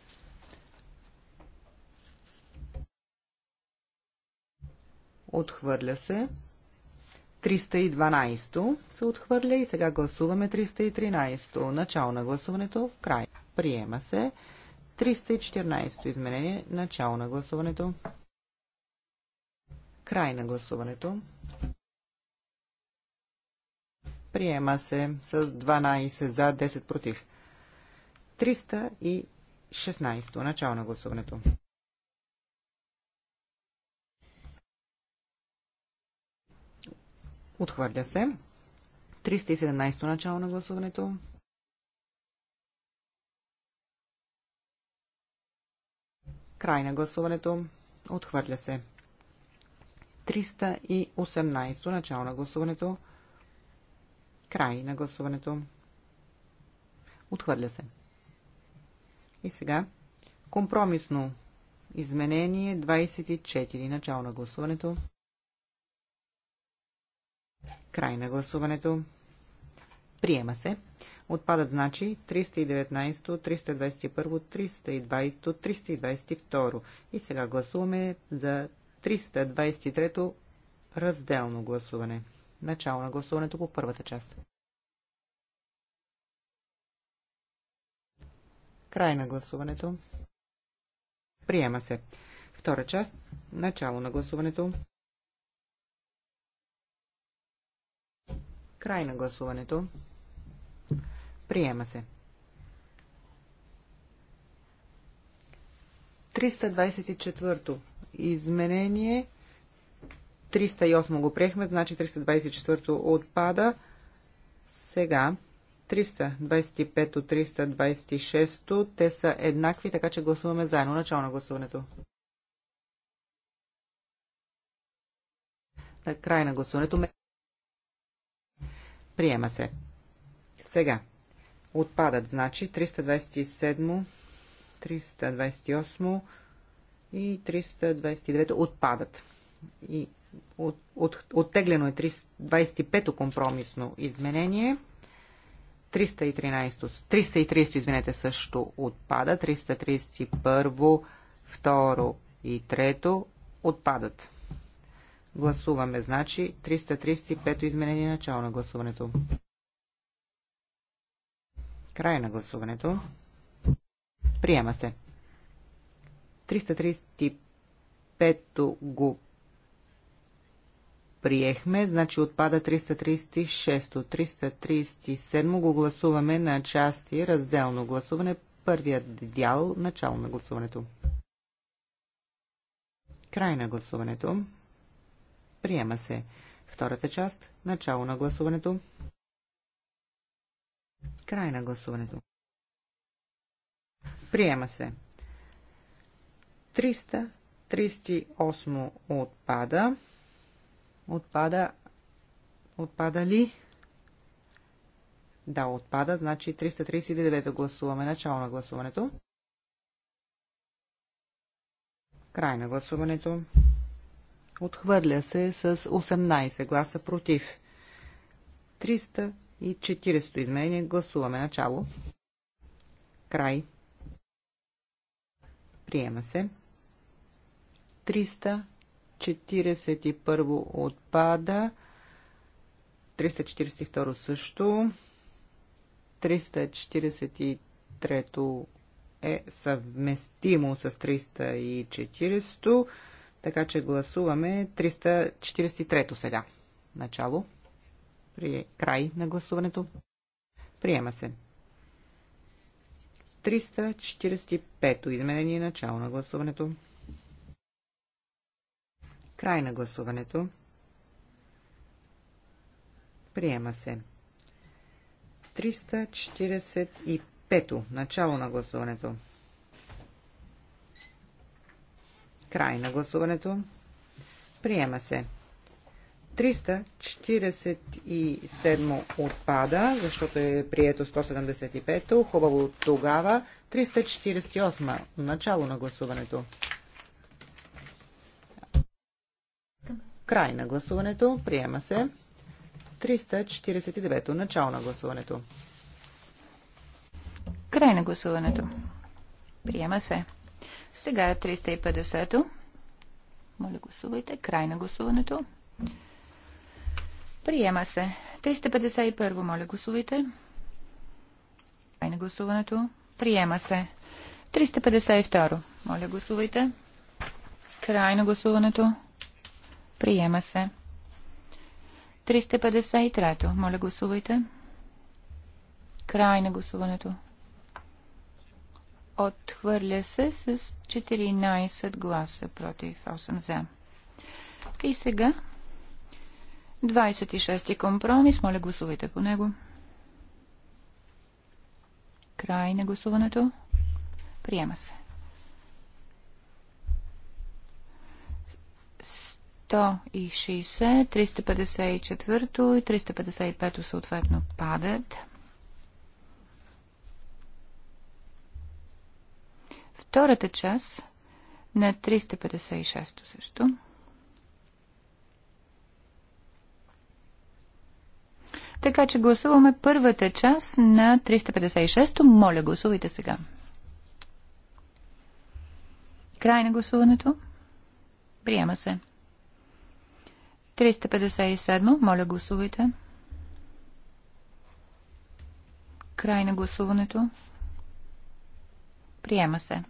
Отхвърля се 312 се отхвърля и сега гласуваме 313. Начало на гласуването, край. Приема се. 314 изменение, начало на гласуването. Край на гласуването. Приема се с 12 за 10 против. 316 начало на гласуването. Отхвърля се. 317 начало на гласуването. Край на гласуването. Отхвърля се. 318 начало на гласуването. Край на гласуването. Отхвърля се. И сега компромисно изменение 24 начало на гласуването. Край на гласуването. Приема се. Отпадат значи 319, 321, 320, 322. И сега гласуваме за 323 разделно гласуване. Начало на гласуването по първата част. Край на гласуването. Приема се. Втора част. Начало на гласуването. Край на гласуването. Приема се. 324-то изменение. 308 го приехме, значи 324-то отпада. Сега 325-то, 326-то, те са еднакви, така че гласуваме заедно. Начало на гласуването. На край на гласуването. Приема се. Сега. Отпадат, значи, 327, 328 и 329 отпадат. И от, от, оттеглено е 25-то компромисно изменение. 330, извинете, също отпада. 331, 2 и 3 отпадат. Гласуваме, значи, 335 изменение начало на гласуването. Край на гласуването. Приема се. 335 го приехме, значи отпада 336. 337 го гласуваме на части, разделно гласуване, първият дял, начало на гласуването. Край на гласуването. Приема се. Втората част. Начало на гласуването. Край на гласуването. Приема се. 338 отпада. Отпада. Отпада ли? Да, отпада. Значи 339 гласуваме. Начало на гласуването. Край на гласуването. Отхвърля се с 18 гласа против. 340 изменение. Гласуваме начало. Край. Приема се. 341 отпада. 342 също. 343 е съвместимо с 340. Така че гласуваме 343 сега. Начало. При край на гласуването. Приема се. 345-то изменение начало на гласуването. Край на гласуването. Приема се. 345-то начало на гласуването. Край на гласуването. Приема се. 347 отпада, защото е прието 175-то. Хубаво тогава. 348 начало на гласуването. Край на гласуването. Приема се. 349 начало на гласуването. Край на гласуването. Приема се. Сега е 350-то. Моля, гласувайте. Край на гласуването. Приема се. 351. Моля, гласувайте. Край на гласуването. Приема се. 352. Моля, гласувайте. Край на гласуването. Приема се. 353. Моля, гласувайте. Край на гласуването. Отхвърля се с 14 гласа против 8 за. И сега 26 компромис. Моля гласувайте по него. Край на гласуването. Приема се. 160, 354 и 355 съответно падат. Втората част на 356 също. Така че гласуваме първата част на 356. Моля, гласувайте сега. Край на гласуването. Приема се. 357. Моля, гласувайте. Край на гласуването. Приема се.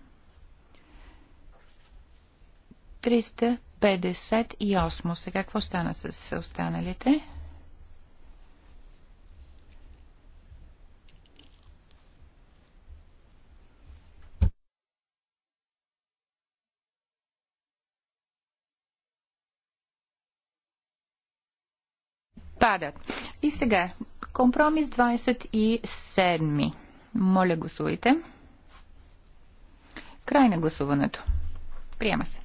358. Сега какво стана с останалите? Падат. И сега, компромис 27. Моля, гласувайте. Край на гласуването. Приема се.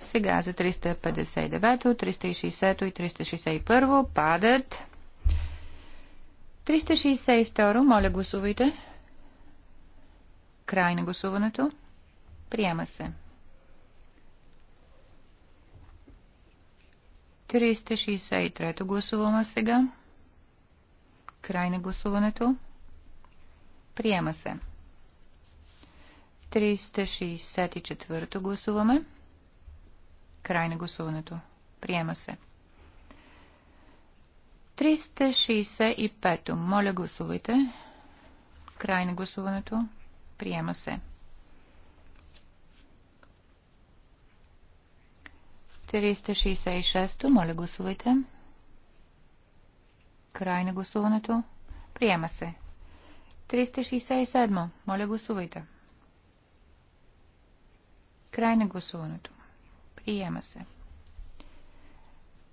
Сега за 359, 360 и 361 падат. 362, моля гласувайте. Край на гласуването. Приема се. 363 гласуваме сега. Край на гласуването. Приема се. 364 гласуваме. Край на гласуването. Приема се. 365. Моля, гласувайте. Край на гласуването. Приема се. 366. Моля, гласувайте. Край на гласуването. Приема се. 367. Моля, гласувайте. Край на гласуването. Приема се.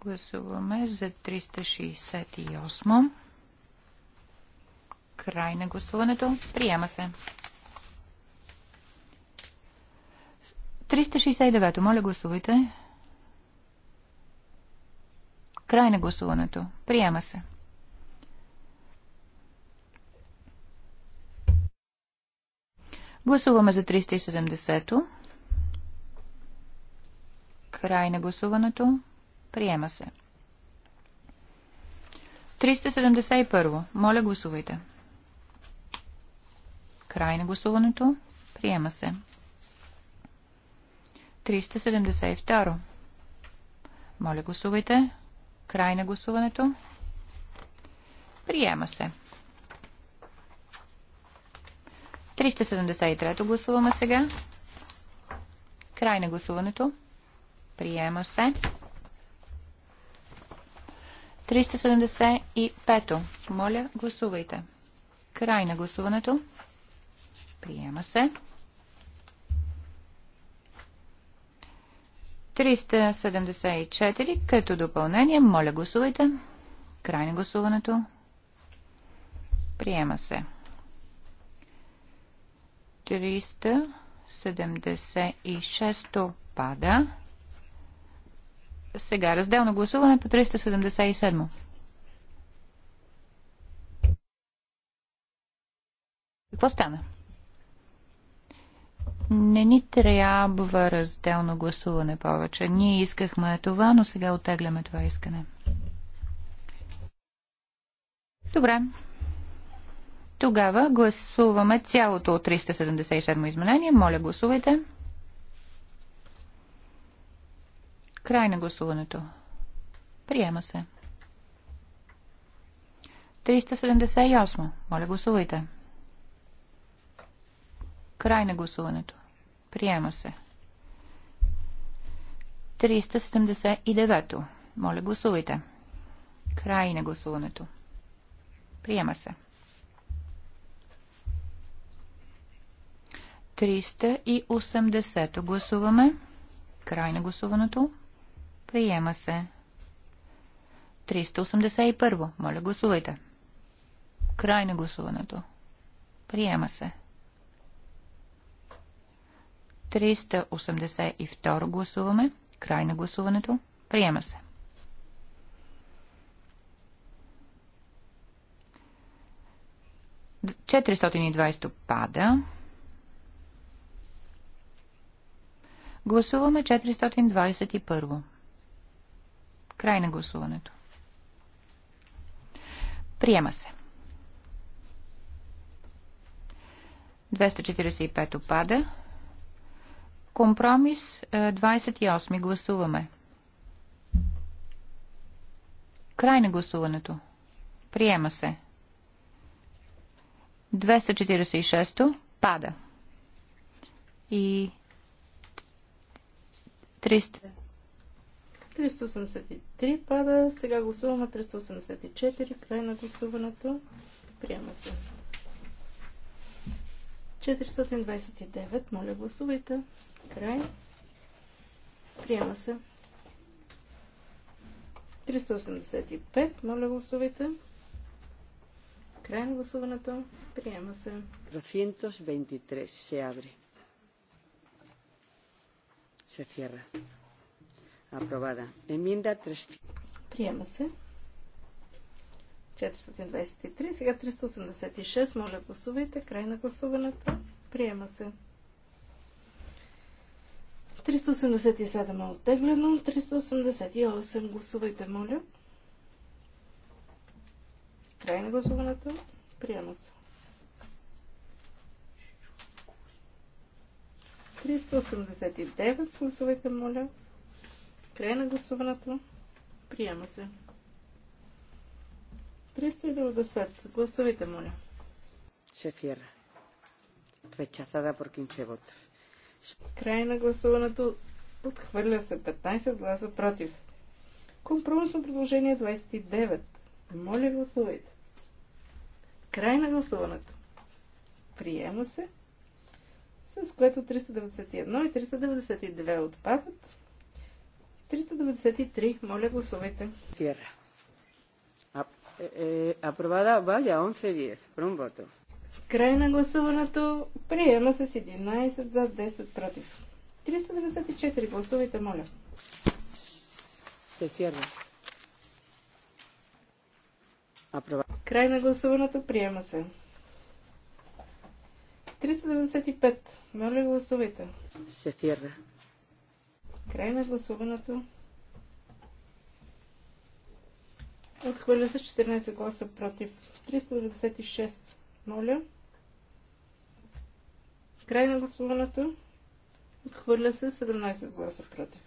Гласуваме за 368. Край на гласуването. Приема се. 369. Моля, гласувайте. Край на гласуването. Приема се. Гласуваме за 370-то. Край на гласуването. Приема се. 371. Моля, гласувайте. Край на гласуването. Приема се. 372. Моля, гласувайте. Край на гласуването. Приема се. 373 гласуваме сега. Край на гласуването. Приема се. 375. Моля, гласувайте. Край на гласуването. Приема се. 374. Като допълнение, моля, гласувайте. Край на гласуването. Приема се. 376 пада. Сега разделно гласуване по 377. Какво стана? Не ни трябва разделно гласуване повече. Ние искахме това, но сега отегляме това искане. Добре. Тогава гласуваме цялото от 377 изменение. Моля, гласувайте. Гласувайте. Край на гласуването. Приема се. 378. Моля, гласувайте. Край на гласуването. Приема се. 379. Моля, гласувайте. Край на гласуването. Приема се. 380. Гласуваме. Край на гласуването. Приема се. 381. Моля, гласувайте. Край на гласуването. Приема се. 382 гласуваме. Край на гласуването. Приема се. 420 пада. Гласуваме 421. Край на гласуването. Приема се. 245 опада. Компромис 28. Е, Гласуваме. Край на гласуването. Приема се. 246 пада. И 300. 383 пада. Сега гласуваме 384. Край на гласуването. Приема се. 429. Моля, гласувайте. Край. Приема се. 385. Моля, гласувайте. Край на гласуването. Приема се. 223. Се абри. Се фиера. Апровада. Еминда 300. Приема се. 423. Сега 386. Моля гласувайте. Край на гласуването. Приема се. 387 е оттеглено. 388. Гласувайте, моля. Край на гласуването. Приема се. 389. Гласувайте, моля. Край на гласуването. Приема се. 390. Гласовите, моля. Шефир. фира. Рechazada por 15 Край на гласуването. Отхвърля се 15 гласа против. Компромисно предложение 29. Моля, гласувайте. Край на гласуването. Приема се. С което 391 и 392 отпадат. 393. Моля, гласувайте. Тierra. Е, е, апровада вая 11-10. Пром вото. Край на гласуването. Приема се с 11 за 10 против. 394. Гласувайте, моля. Се сярва. Апровада. Край на гласуването. Приема се. 395. Моля, гласувайте. Се сярва. Край на гласуването. Отхвърля се 14 гласа против. 396. Моля. Край на гласуването. Отхвърля се 17 гласа против.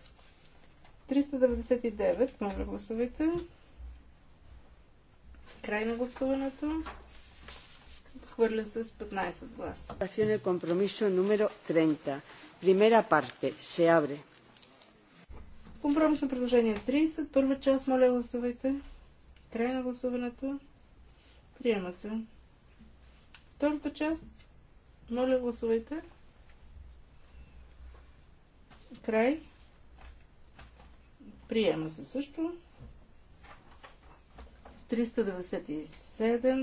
399. Моля гласовете. Край на гласуването. Отхвърля се с 15 гласа. Компромисо номер 30. Примера парте. Се абре. Компромисно предложение 30. Първа част, моля гласувайте. Край на гласуването. Приема се. Втората част, моля гласувайте. Край. Приема се също. 397,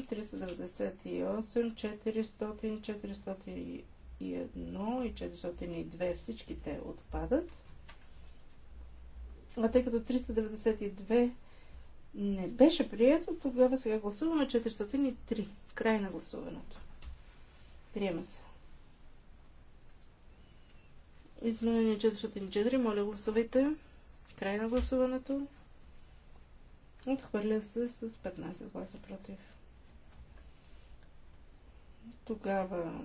398, 400, 401 и 402 всичките отпадат. А тъй като 392 не беше прието, тогава сега гласуваме 403. Край на гласуването. Приема се. Изменение 404. Моля гласувайте. Край на гласуването. Отхвърля се с 15 гласа против. Тогава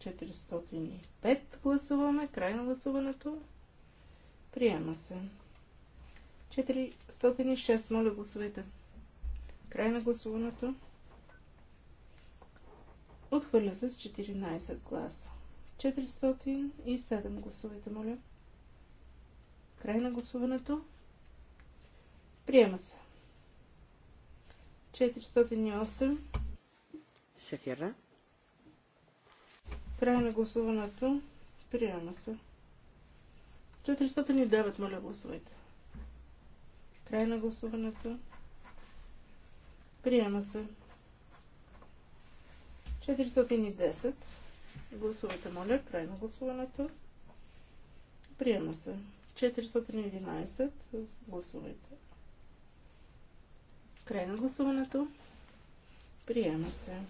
405 гласуваме. Край на гласуването. Приема се. 406. Моля, гласувайте. Край на гласуването. Отхвърля се с 14 гласа. 407 гласувайте, моля. Край на гласуването. Приема се. 408. Сефира. Край на гласуването. Приема се. 409, моля, гласувайте. Край на гласуването. Приема се. 410. Гласувайте, моля. Край на гласуването. Приема се. 411. Гласувайте. Край на гласуването. Приема се.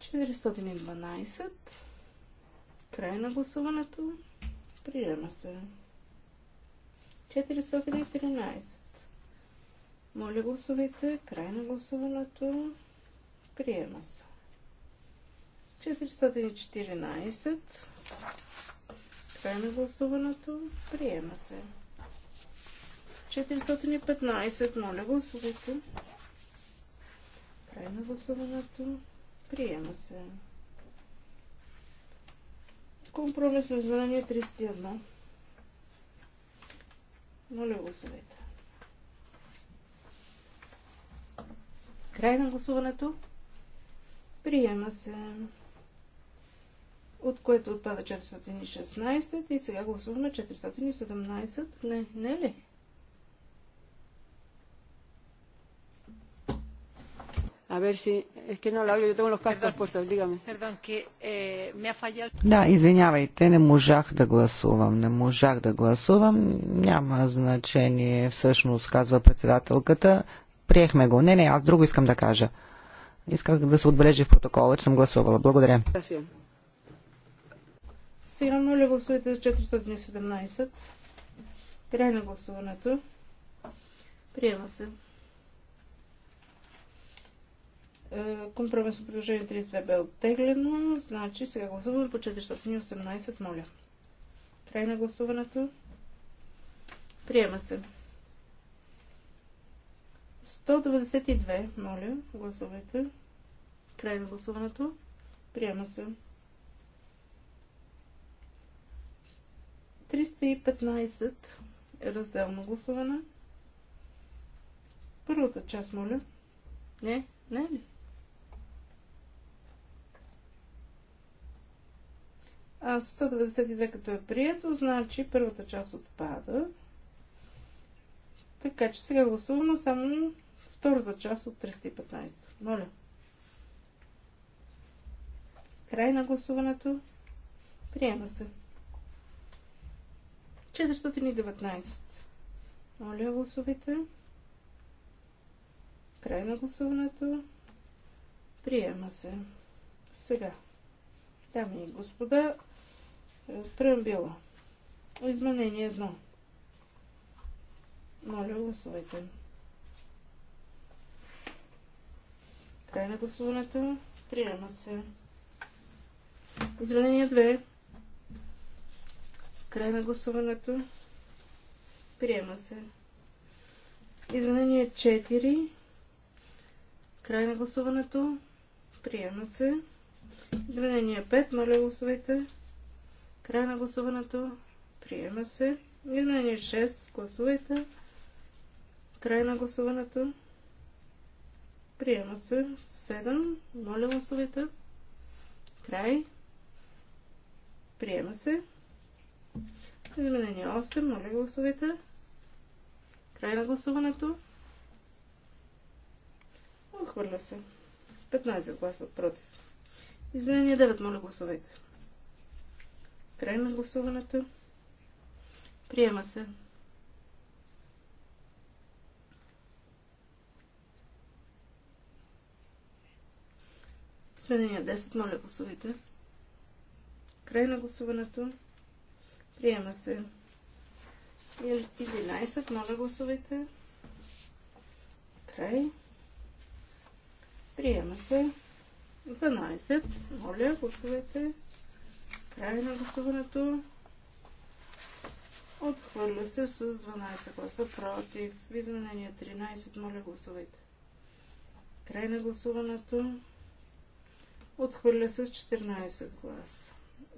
412. Край на гласуването. Приема се. 413. Моля гласовете, Край на гласуването. Приема се. 414. Край на гласуването. Приема се. 415. Моля гласовете. Край на гласуването. Приема се. Компромисно изменение 31. Моля, гласувайте. Край на гласуването. Приема се. От което отпада 416 и сега гласуваме 417. Не, не е ли? Eh, да, извинявайте, не можах да гласувам. Не можах да гласувам. Няма значение, всъщност, казва председателката. Приехме го. Не, не, аз друго искам да кажа. Исках да се отбележи в протокола, че съм гласувала. Благодаря. Сега моля гласувайте за 417. Край на гласуването. Приема се. Е, Компромисно предложение 32 бе оттеглено. Значи сега гласуваме по 418, моля. Край на гласуването. Приема се. 192, моля, гласувайте. Край на гласуването. Приема се. 315 е разделно гласуване. Първата част, моля. Не, не е ли? А 192 като е прието, значи първата част отпада. Така че сега гласуваме само втората част от 315. Моля. Край на гласуването. Приема се. 419. Моля, гласувайте. Край на гласуването. Приема се. Сега. Дами и господа, Преамбила. Изменение едно. Моля, гласувайте. Край на гласуването. Приема се. Изменение 2. Край на гласуването. Приема се. Изменение 4. Край на гласуването. Приема се. Изменение 5. Моля, гласувайте. Край на гласуването. Приема се. Изменение 6. Гласувайте. Край на гласуването. Приема се. 7. Моля гласувайте. Край. Приема се. Изменение 8. Моля гласувайте. Край на гласуването. Отхвърля се. 15 гласа против. Изменение 9. Моля гласувайте. Край на гласуването. Приема се. Сведения 10, моля гласувайте. Край на гласуването. Приема се. 11, моля гласувайте. Край. Приема се. 12, моля гласувайте. Край на гласуването. Отхвърля се с 12 гласа против. Изменение 13. Моля гласувайте. Край на гласуването. Отхвърля се с 14 гласа.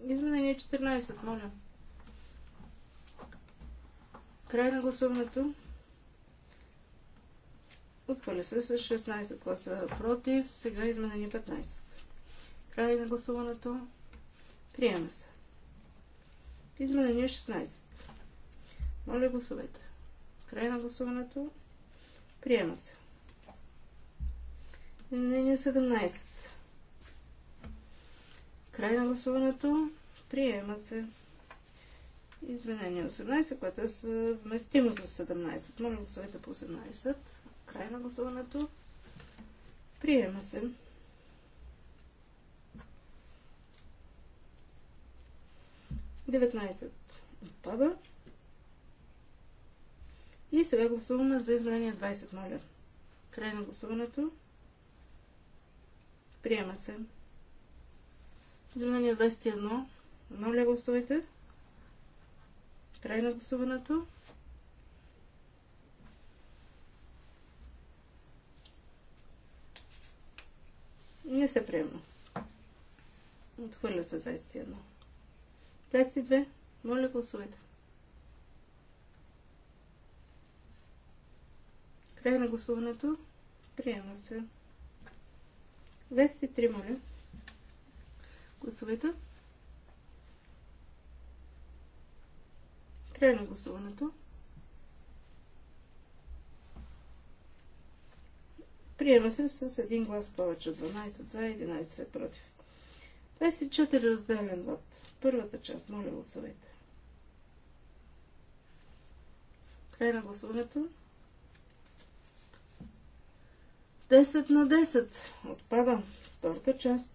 Изменение 14. Моля. Край на гласуването. Отхвърля се с 16 гласа против. Сега изменение 15. Край на гласуването. Приема се. Изменение 16. Моля гласовете. Край на гласуването. Приема се. Изменение 17. Край на гласуването. Приема се. Изменение 18, което е съвместимо с 17. Моля гласовете по 18. Край на гласуването. Приема се. 19 отпада. И сега гласуваме за изменение 20, моля. Край на гласуването. Приема се. Изменение 21. Моля, гласувайте. Край на гласуването. Не се приема. Отхвърля се 21. 22. Моля, гласувайте. Край на гласуването. Приема се. 203, моля. Гласувайте. Край на гласуването. Приема се с един глас повече. 12 за, 11 против. 24 разделен вод. Първата част, моля гласувайте. Край на гласуването. 10 на 10. Отпада. Втората част.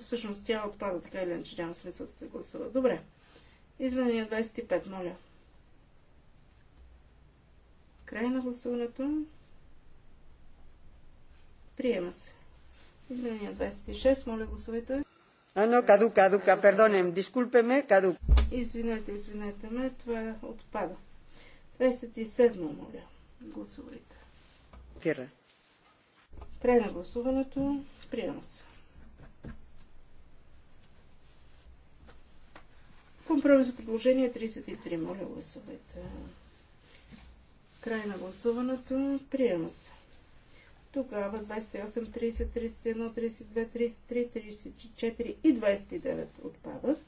Всъщност тя отпада така или иначе, няма смисъл да се гласува. Добре. Изменение 25, моля. Край на гласуването. Приема се. Изменение 26, моля гласувайте. А, но, каду, каду, пердонем, дискулпеме, каду. Извинете, извинете ме, това отпада. 27, моля, гласувайте. Кира. Край на гласуването, приема се. Компромисно предложение 33, моля гласувайте. Край на гласуването, приема се. Тогава 28, 30, 31, 32, 33, 34 и 29 отпадат.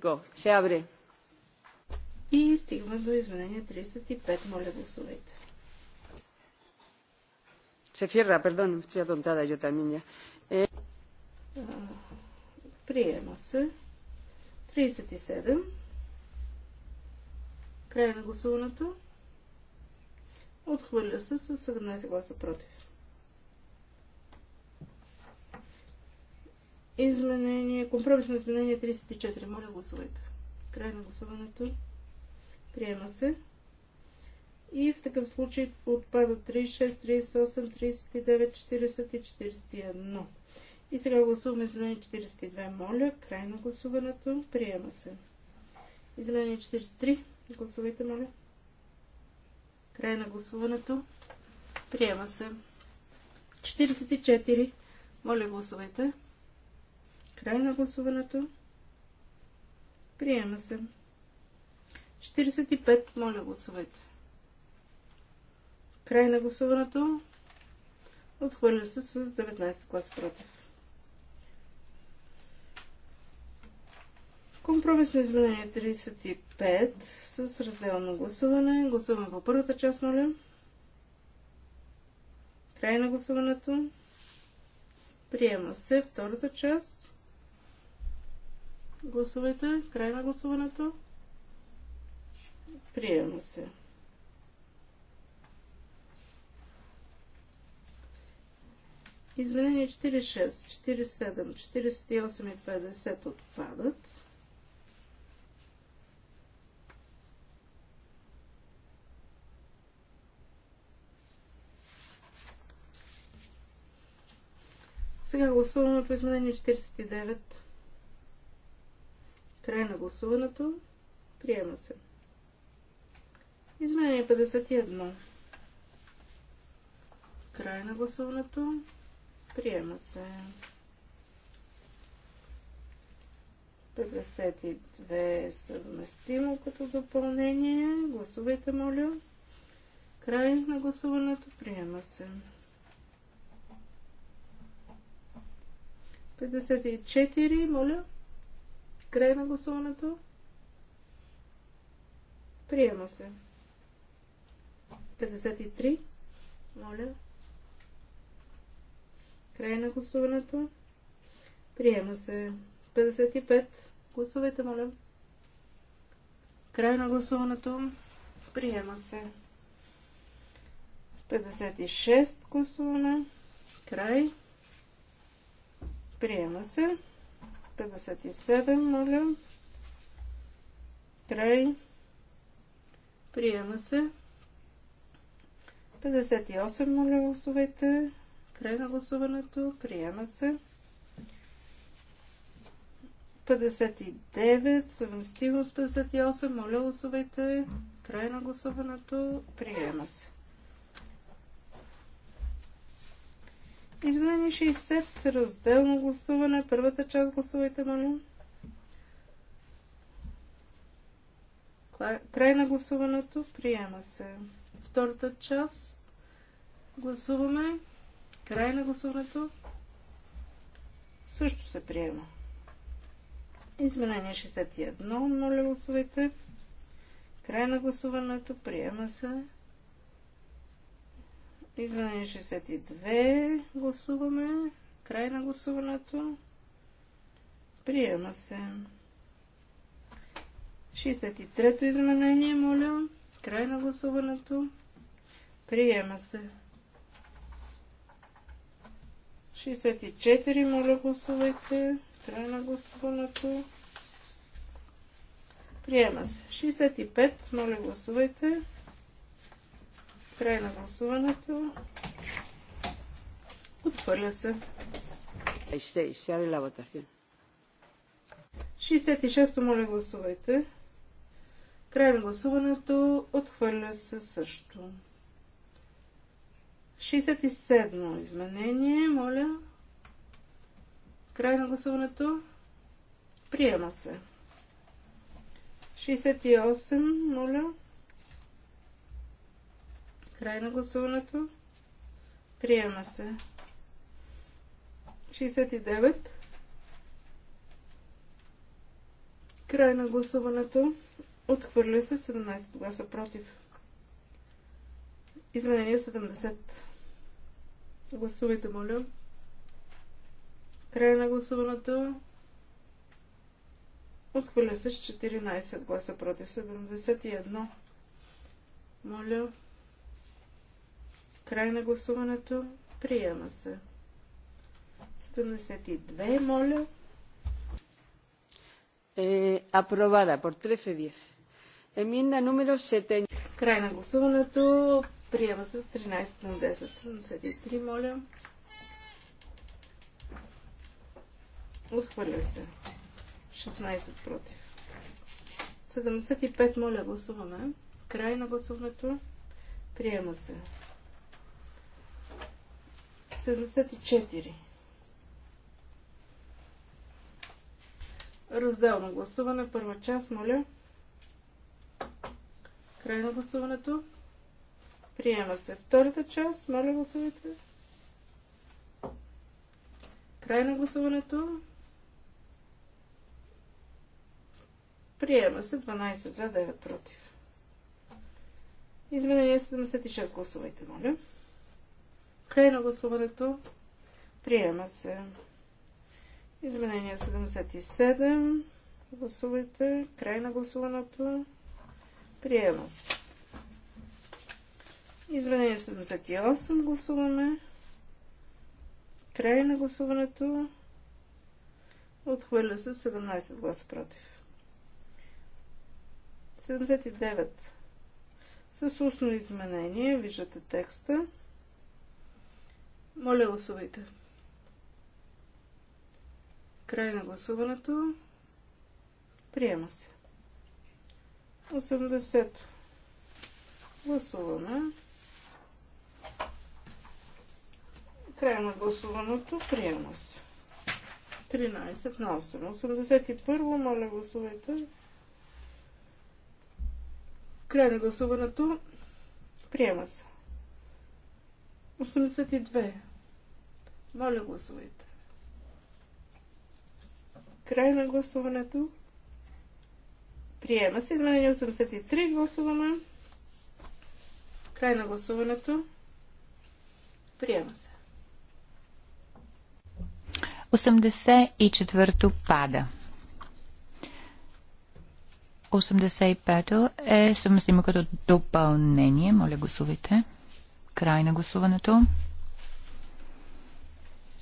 Го, се абре. И стигаме до изменение 35. Моля, гласувайте. Се фирра, пердон, estoy атонтада yo también ya. Е... е. Приема се. 37. Край на гласуването. Отхвърля се с 17 гласа против. Изменение, компромисно изменение 34. Моля гласувайте. Край на гласуването. Приема се. И в такъв случай отпада 36, 38, 39, 40 и 41. И сега гласуваме изменение 42. Моля, край на гласуването. Приема се. Изменение 43. Гласувайте, моля. Край на гласуването. Приема се. 44. Моля, гласувайте. Край на гласуването. Приема се. 45. Моля, гласувайте. Край на гласуването. Отхвърля се с 19 клас против. Компромисно изменение 35 с разделно гласуване. Гласуваме по първата част, моля. Край на гласуването. Приема се втората част. Гласувайте. Край на гласуването. Приема се. Изменение 46, 47, 48 и 50 отпадат. Сега гласуваното изменение 49. Край на гласуването. Приема се. Изменение 51. Край на гласуването. Приема се. 52 е съвместимо като допълнение. Гласувайте, моля. Край на гласуването. Приема се. 54, моля. Край на гласуването. Приема се. 53, моля. Край на гласуването. Приема се. 55. гласовете, моля. Край на гласуването. Приема се. 56. Гласуване. Край. Приема се. 57, моля. Край. Приема се. 58, моля, гласовете. Край на гласуването. Приема се. 59, съвместимо с 58, моля гласовете. Край на гласуването. Приема се. Изменение 60, разделно гласуване. Първата част гласувайте, моля. Край на гласуването. Приема се. Втората част. Гласуваме. Край на гласуването. Също се приема. Изменение 61. Моля гласувайте. Край на гласуването. Приема се. Изменение 62 гласуваме. Край на гласуването. Приема се. 63-то изменение, моля. Край на гласуването. Приема се. 64, моля гласувайте. Край на гласуването. Приема се. 65, моля гласувайте. Край на гласуването. Отхвърля се. 66-то, моля гласувайте. Край на гласуването. Отхвърля се също. 67-мо изменение, моля. Край на гласуването. Приема се. 68, моля. Край на гласуването. Приема се. 69. Край на гласуването. Отхвърля се 17 гласа против. Изменение 70. Гласувайте, моля. Край на гласуването. Отхвърля се с 14 гласа против 71. Моля. Край на гласуването. Приема се. 72, моля. Е, апробада по 13-10. Еминда номер 7. Край на гласуването. Приема се с 13 на 10. 73, моля. Отхвърля се. 16 против. 75, моля, гласуваме. Край на гласуването. Приема се. 74. Разделно гласуване, първа част, моля. Край на гласуването. Приема се. Втората част, моля гласувайте. Край на гласуването. Приема се 12 за 9 против. Изменение 76 гласувайте, моля. Край на гласуването. Приема се. Изменение 77. Гласувайте. Край на гласуването. Приема се. Изменение 78. Гласуваме. Край на гласуването. Отхвърля се 17 гласа против. 79. С устно изменение виждате текста. Моля, гласувайте. Край на гласуването. Приема се. 80. Гласуваме. Край на гласуването. Приема се. 13 на 8. 81. Моля, гласувайте. Край на гласуването. Приема се. 82. Моля, гласувайте. Край на гласуването. Приема се изменение 83. Гласуваме. Край на гласуването. Приема се. 84-то пада. 85-то е съвместимо като допълнение. Моля, гласувайте. Край на гласуването.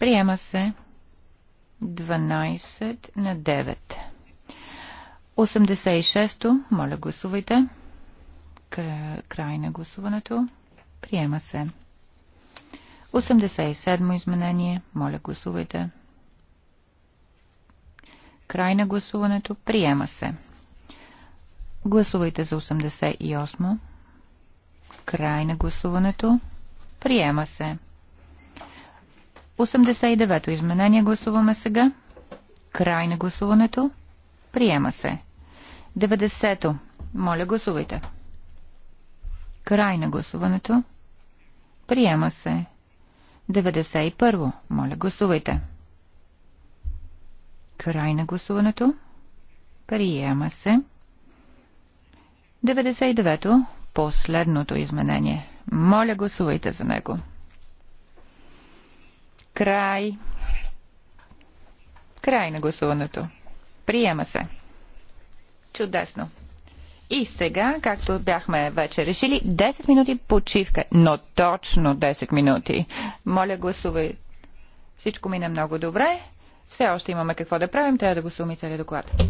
Приема се 12 на 9. 86-то, моля гласувайте. Край на гласуването. Приема се. 87-мо изменение, моля гласувайте. Край на гласуването. Приема се. Гласувайте за 88. Край на гласуването. Приема се. 89-то изменение гласуваме сега. Край на гласуването. Приема се. 90-то. Моля, гласувайте. Край на гласуването. Приема се. 91-во. Моля, гласувайте. Край на гласуването. Приема се. 99-то. Последното изменение. Моля, гласувайте за него. Край. Край на гласуването. Приема се. Чудесно. И сега, както бяхме вече решили, 10 минути почивка. Но точно 10 минути. Моля, гласувай. Всичко мина много добре. Все още имаме какво да правим. Трябва да гласуваме целият доклад.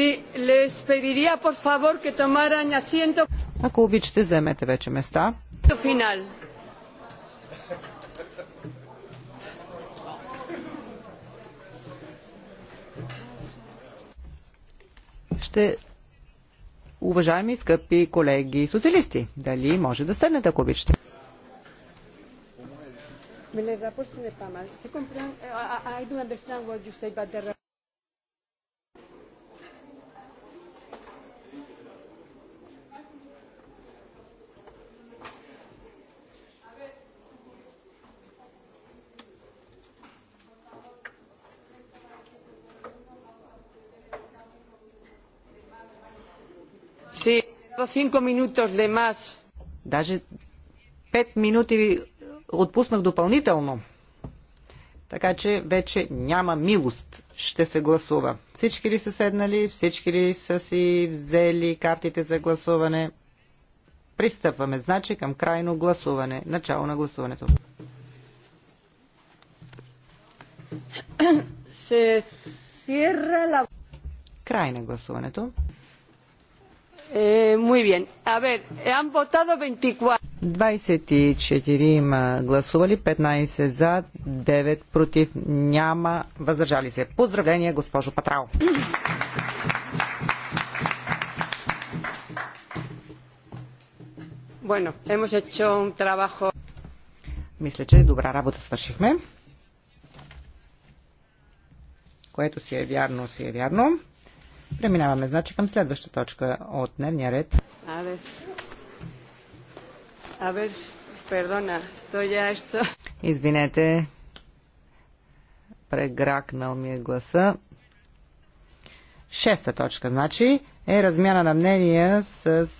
Sí, les pediría, por favor, que tomaran asiento. Ако обичате, вземете вече места. Финал. Ще Уважаеми скъпи колеги социалисти, дали може да седнете, ако обичате? Well, the rapport is not bad. I do understand what you say, but the cinco minutos de más. Даже пет минути ви отпуснах допълнително. Така че вече няма милост. Ще се гласува. Всички ли са седнали? Всички ли са си взели картите за гласуване? Пристъпваме, значи, към крайно гласуване. Начало на гласуването. Край на гласуването. Eh, muy bien. A ver, han votado 24. 24 гласували, 15 за, 9 против, няма въздържали се. Поздравление, госпожо Патрао. Bueno, hemos hecho un trabajo. Мисля, че добра работа свършихме. Което си е вярно, си е вярно. Преминаваме, значи, към следваща точка от дневния ред. Извинете, прегракнал ми е гласа. Шеста точка, значи, е размяна на мнения с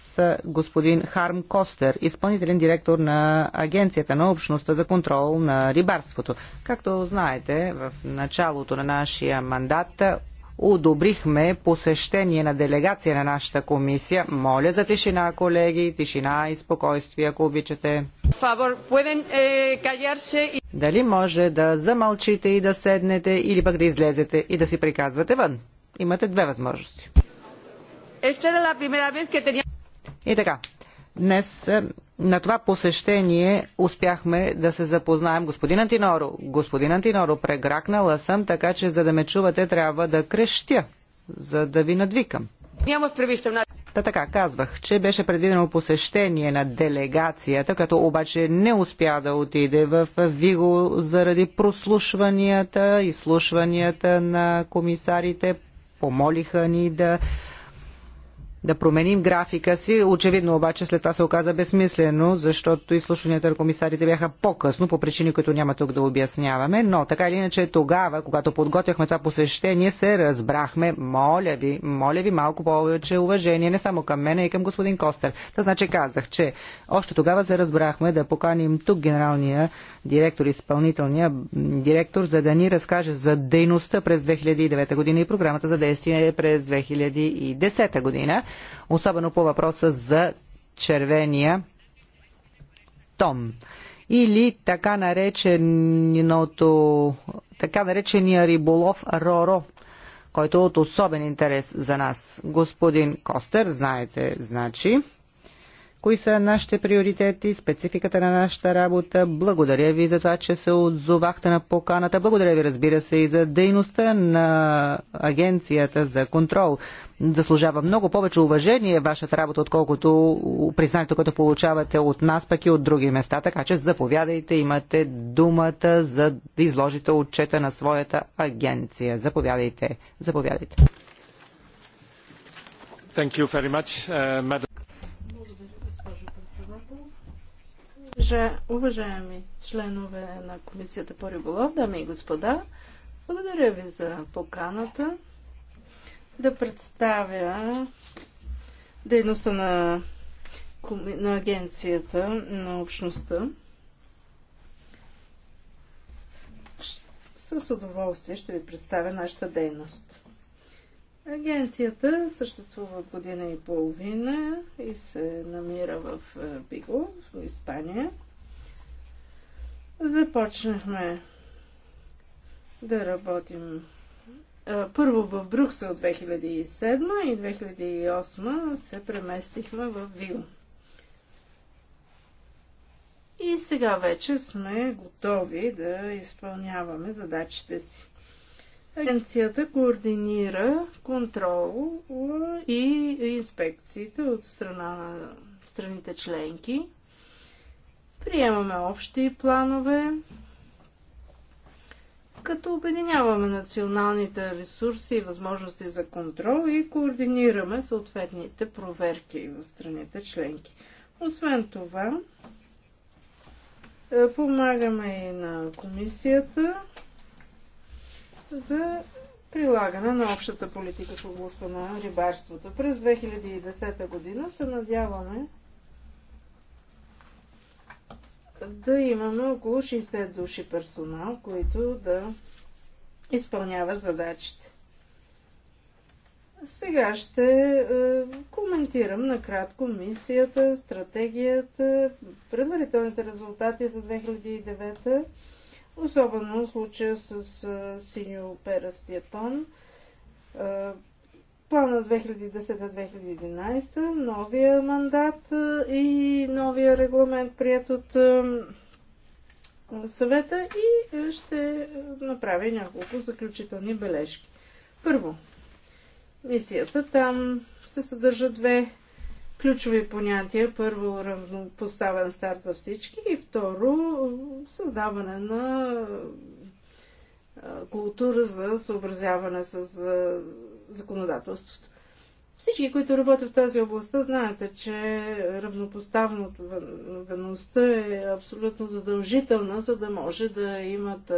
господин Харм Костер, изпълнителен директор на Агенцията на общността за контрол на рибарството. Както знаете, в началото на нашия мандат одобрихме посещение на делегация на нашата комисия. Моля за тишина, колеги, тишина и спокойствие, ако обичате. Eh, Дали може да замълчите и да седнете или пък да излезете и да си приказвате вън? Имате две възможности. И така, Днес е, на това посещение успяхме да се запознаем. Господин Антиноро, господин Антиноро, прегракнала съм, така че за да ме чувате трябва да крещя, за да ви надвикам. Нямах превиждам на... Та така, казвах, че беше предвидено посещение на делегацията, като обаче не успя да отиде в Виго заради прослушванията, и слушванията на комисарите. Помолиха ни да да променим графика си. Очевидно обаче след това се оказа безсмислено, защото изслушванията на комисарите бяха по-късно, по причини, които няма тук да обясняваме. Но така или иначе тогава, когато подготвяхме това посещение, се разбрахме, моля ви, моля ви малко повече уважение, не само към мен, а и към господин Костер. Та значи казах, че още тогава се разбрахме да поканим тук генералния директор, изпълнителния директор, за да ни разкаже за дейността през 2009 година и програмата за действие през 2010 година, особено по въпроса за червения том или така нареченото така наречения риболов Роро, който е от особен интерес за нас. Господин Костер, знаете, значи, кои са нашите приоритети, спецификата на нашата работа. Благодаря ви за това, че се отзовахте на поканата. Благодаря ви, разбира се, и за дейността на Агенцията за контрол. Заслужава много повече уважение вашата работа, отколкото признанието, което получавате от нас, пък и от други места. Така че заповядайте, имате думата за да изложите отчета на своята агенция. Заповядайте. Заповядайте. Thank you very much, uh, Уважаеми членове на Комисията по риболов, дами и господа, благодаря ви за поканата да представя дейността на, на агенцията на общността. С удоволствие ще ви представя нашата дейност. Агенцията съществува година и половина и се намира в е, Биго, в Испания. Започнахме да работим е, първо в Брюксел 2007 и 2008 се преместихме в Вил. И сега вече сме готови да изпълняваме задачите си. Агенцията координира контрол и инспекциите от страна на страните членки. Приемаме общи планове, като обединяваме националните ресурси и възможности за контрол и координираме съответните проверки в страните членки. Освен това, е, помагаме и на комисията за прилагане на общата политика в областта на рибарството. През 2010 година се надяваме да имаме около 60 души персонал, които да изпълняват задачите. Сега ще е, коментирам накратко мисията, стратегията, предварителните резултати за 2009 Особено случая с синьо перъст тон. Плана 2010-2011, новия мандат и новия регламент, прият от съвета и ще направя няколко заключителни бележки. Първо, мисията там се съдържа две ключови понятия. Първо, равнопоставен старт за всички и второ, създаване на култура за съобразяване с законодателството. Всички, които работят в тази област, знаете, че равнопоставеността е абсолютно задължителна, за да може да имат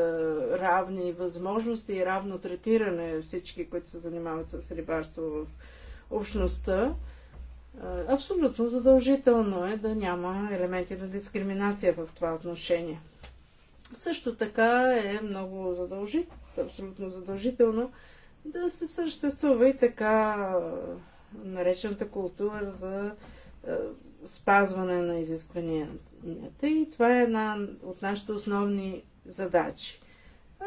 равни възможности и равно третиране всички, които се занимават с рибарство в общността. Е, абсолютно задължително е да няма елементи на дискриминация в това отношение. Също така е много задължително, абсолютно задължително да се съществува и така е, наречената култура за е, спазване на изискванията. И това е една от нашите основни задачи.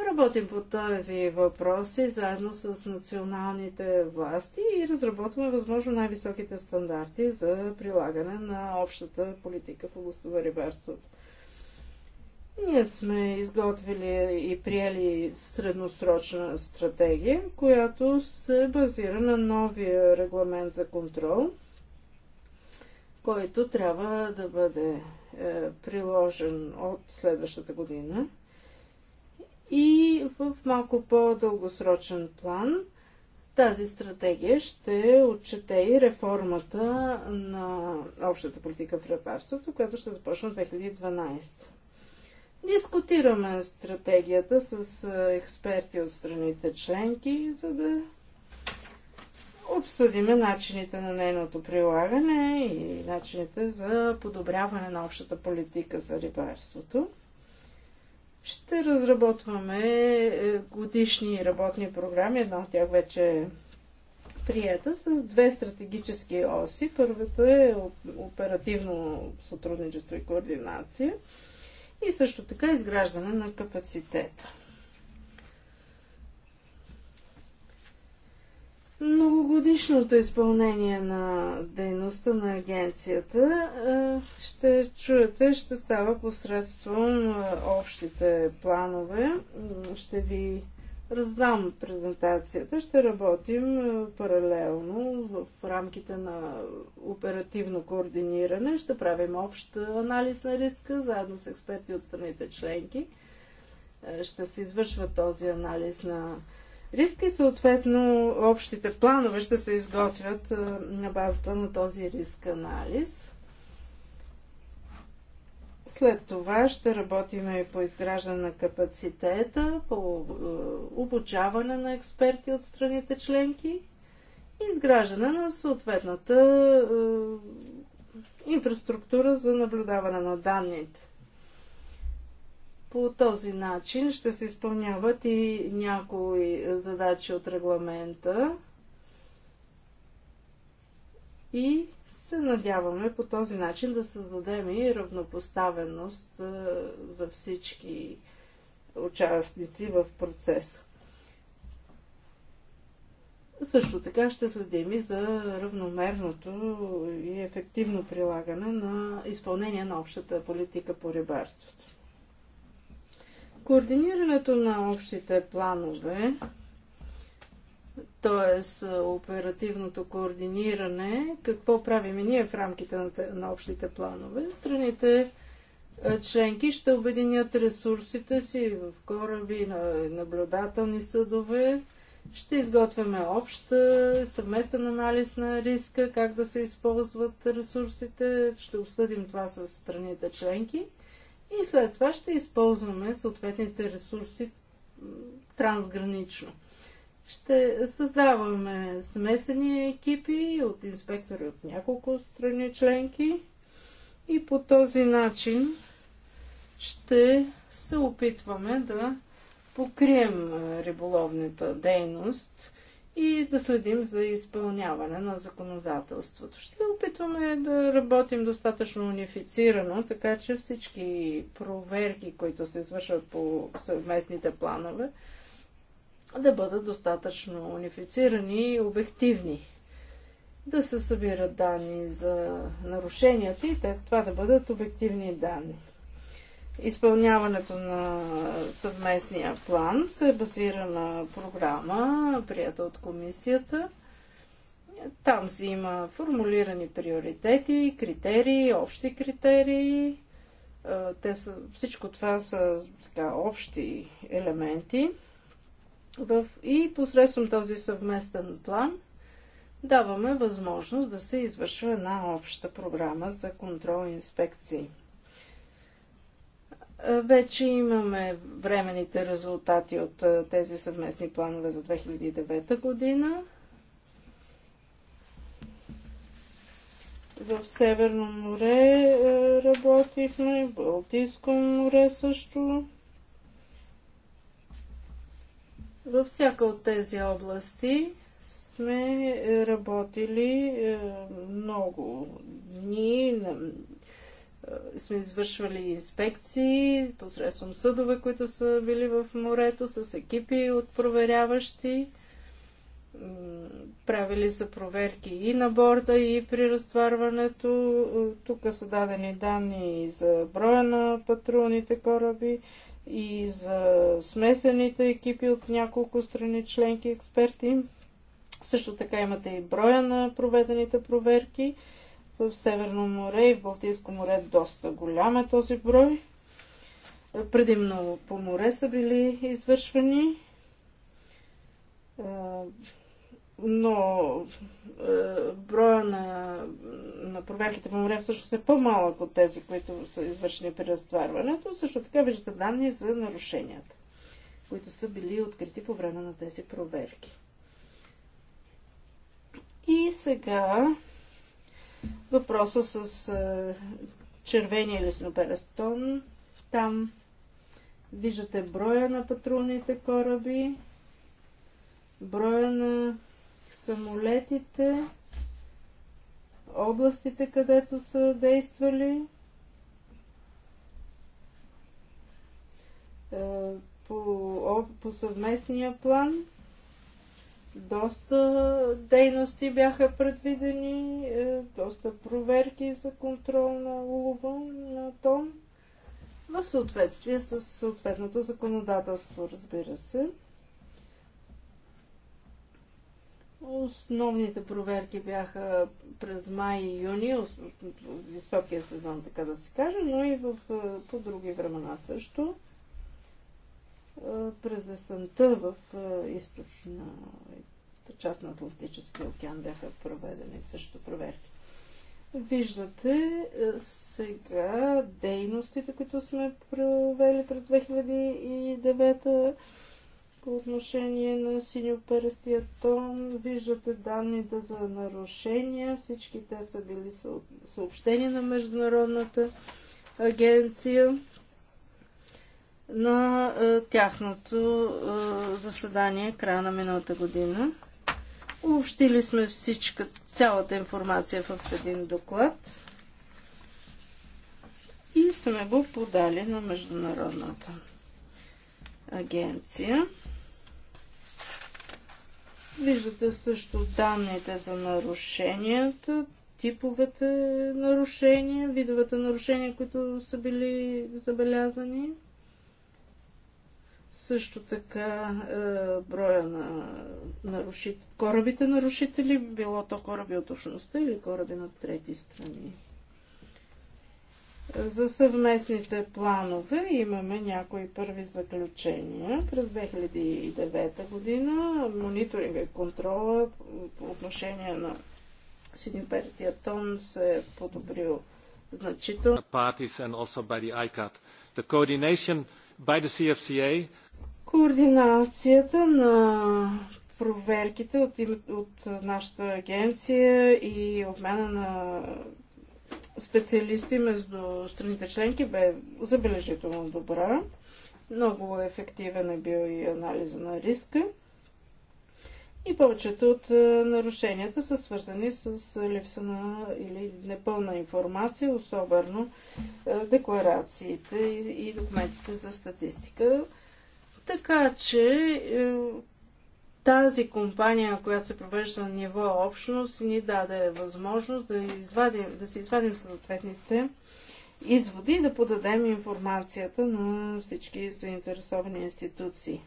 Работим по тази въпроси заедно с националните власти и разработваме възможно най-високите стандарти за прилагане на общата политика в областта на рибарството. Ние сме изготвили и приели средносрочна стратегия, която се базира на новия регламент за контрол, който трябва да бъде е, приложен от следващата година – и в малко по-дългосрочен план тази стратегия ще отчете и реформата на общата политика в репарството, която ще започне от 2012. Дискутираме стратегията с е, експерти от страните членки, за да обсъдиме начините на нейното прилагане и начините за подобряване на общата политика за рибарството. Ще разработваме е, годишни работни програми, една от тях вече е прията с две стратегически оси. Първата е оперативно сътрудничество и координация и също така изграждане на капацитета. многогодишното изпълнение на дейността на агенцията е, ще чуете, ще става посредством е, общите планове. Ще ви раздам презентацията. Ще работим е, паралелно в рамките на оперативно координиране. Ще правим общ анализ на риска заедно с експерти от страните членки. Ще се извършва този анализ на риска риск и съответно общите планове ще се изготвят е, на базата на този риск анализ. След това ще работим и по изграждане на капацитета, по е, обучаване на експерти от страните членки и изграждане на съответната е, инфраструктура за наблюдаване на данните. По този начин ще се изпълняват и някои задачи от регламента и се надяваме по този начин да създадем и равнопоставеност е, за всички участници в процеса. Също така ще следим и за равномерното и ефективно прилагане на изпълнение на общата политика по рибарството. Координирането на общите планове, т.е. оперативното координиране, какво правим и ние в рамките на, на общите планове, страните е, членки ще обединят ресурсите си в кораби, на наблюдателни съдове, ще изготвяме общ е, съвместен анализ на риска, как да се използват ресурсите. Ще обсъдим това с страните членки и след това ще използваме съответните ресурси трансгранично. Ще създаваме смесени екипи от инспектори от няколко страни членки и по този начин ще се опитваме да покрием риболовната дейност и да следим за изпълняване на законодателството. Ще опитваме да работим достатъчно унифицирано, така че всички проверки, които се извършват по съвместните планове, да бъдат достатъчно унифицирани и обективни. Да се събират данни за нарушенията и това да бъдат обективни данни. Изпълняването на съвместния план се базира на програма, прията от комисията. Там си има формулирани приоритети, критерии, общи критерии. Те са, всичко това са така, общи елементи. В, и посредством този съвместен план даваме възможност да се извършва една обща програма за контрол и инспекции. Е, вече имаме времените резултати от е, тези съвместни планове за 2009 година. В Северно море е, работихме, в Балтийско море също. Във всяка от тези области сме работили много дни, е, сме извършвали инспекции посредством съдове, които са били в морето, с екипи от проверяващи. Правили са проверки и на борда, и при разтварването. Тук са дадени данни и за броя на патрулните кораби, и за смесените екипи от няколко страни членки експерти. Също така имате и броя на проведените проверки в Северно море и в Балтийско море доста голям е този брой. Предимно по море са били извършвани. Но броя на, на проверките по море всъщност е по-малък от тези, които са извършени при разтварването. Също така виждате данни за нарушенията, които са били открити по време на тези проверки. И сега въпроса с а, е, червения лесноперестон. Там виждате броя на патрулните кораби, броя на самолетите, областите, където са действали. Е, по, по съвместния план доста дейности бяха предвидени, е, доста проверки за контрол на улова на тон в съответствие с съответното законодателство, разбира се. Основните проверки бяха през май и юни, високия сезон, така да се каже, но и в, е, по други времена също през есента в източна част на Атлантическия океан бяха проведени също проверки. Виждате сега дейностите, които сме провели през 2009 по отношение на Синьо Перестия тон. Виждате данните за нарушения. Всички те са били съобщени на Международната агенция на е, тяхното е, заседание края на миналата година. Общили сме всичка, цялата информация в един доклад и сме го подали на Международната агенция. Виждате също данните за нарушенията, типовете нарушения, видовете нарушения, които са били забелязани. Също така е, броя на нарушит... корабите нарушители, било то кораби от общността или кораби на трети страни. За съвместните планове имаме някои първи заключения. През 2009 година мониторинг и контрола по отношение на Синипертия тон се е подобрил значително by the CFCA. Координацията на проверките от, от нашата агенция и обмена на специалисти между страните членки бе забележително добра. Много ефективен е бил и анализа на риска. И повечето от е, нарушенията са свързани с е, липса на или непълна информация, особено е, декларациите и документите за статистика. Така че тази компания, която се провежда на ниво общност, ни даде възможност да, извадим, да си извадим съответните изводи и да подадем информацията на всички заинтересовани институции.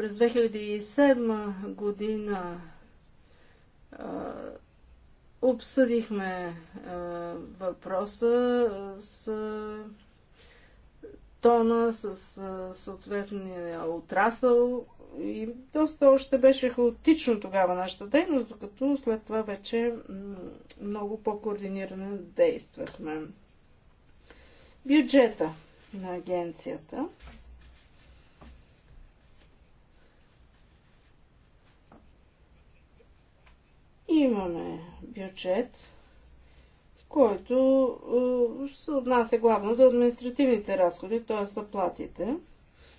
През 2007 година обсъдихме въпроса с тона, с съответния отрасъл и доста още беше хаотично тогава нашата дейност, докато след това вече много по-координирано действахме. Бюджета на агенцията – Имаме бюджет, който се отнася главно до административните разходи, т.е. заплатите.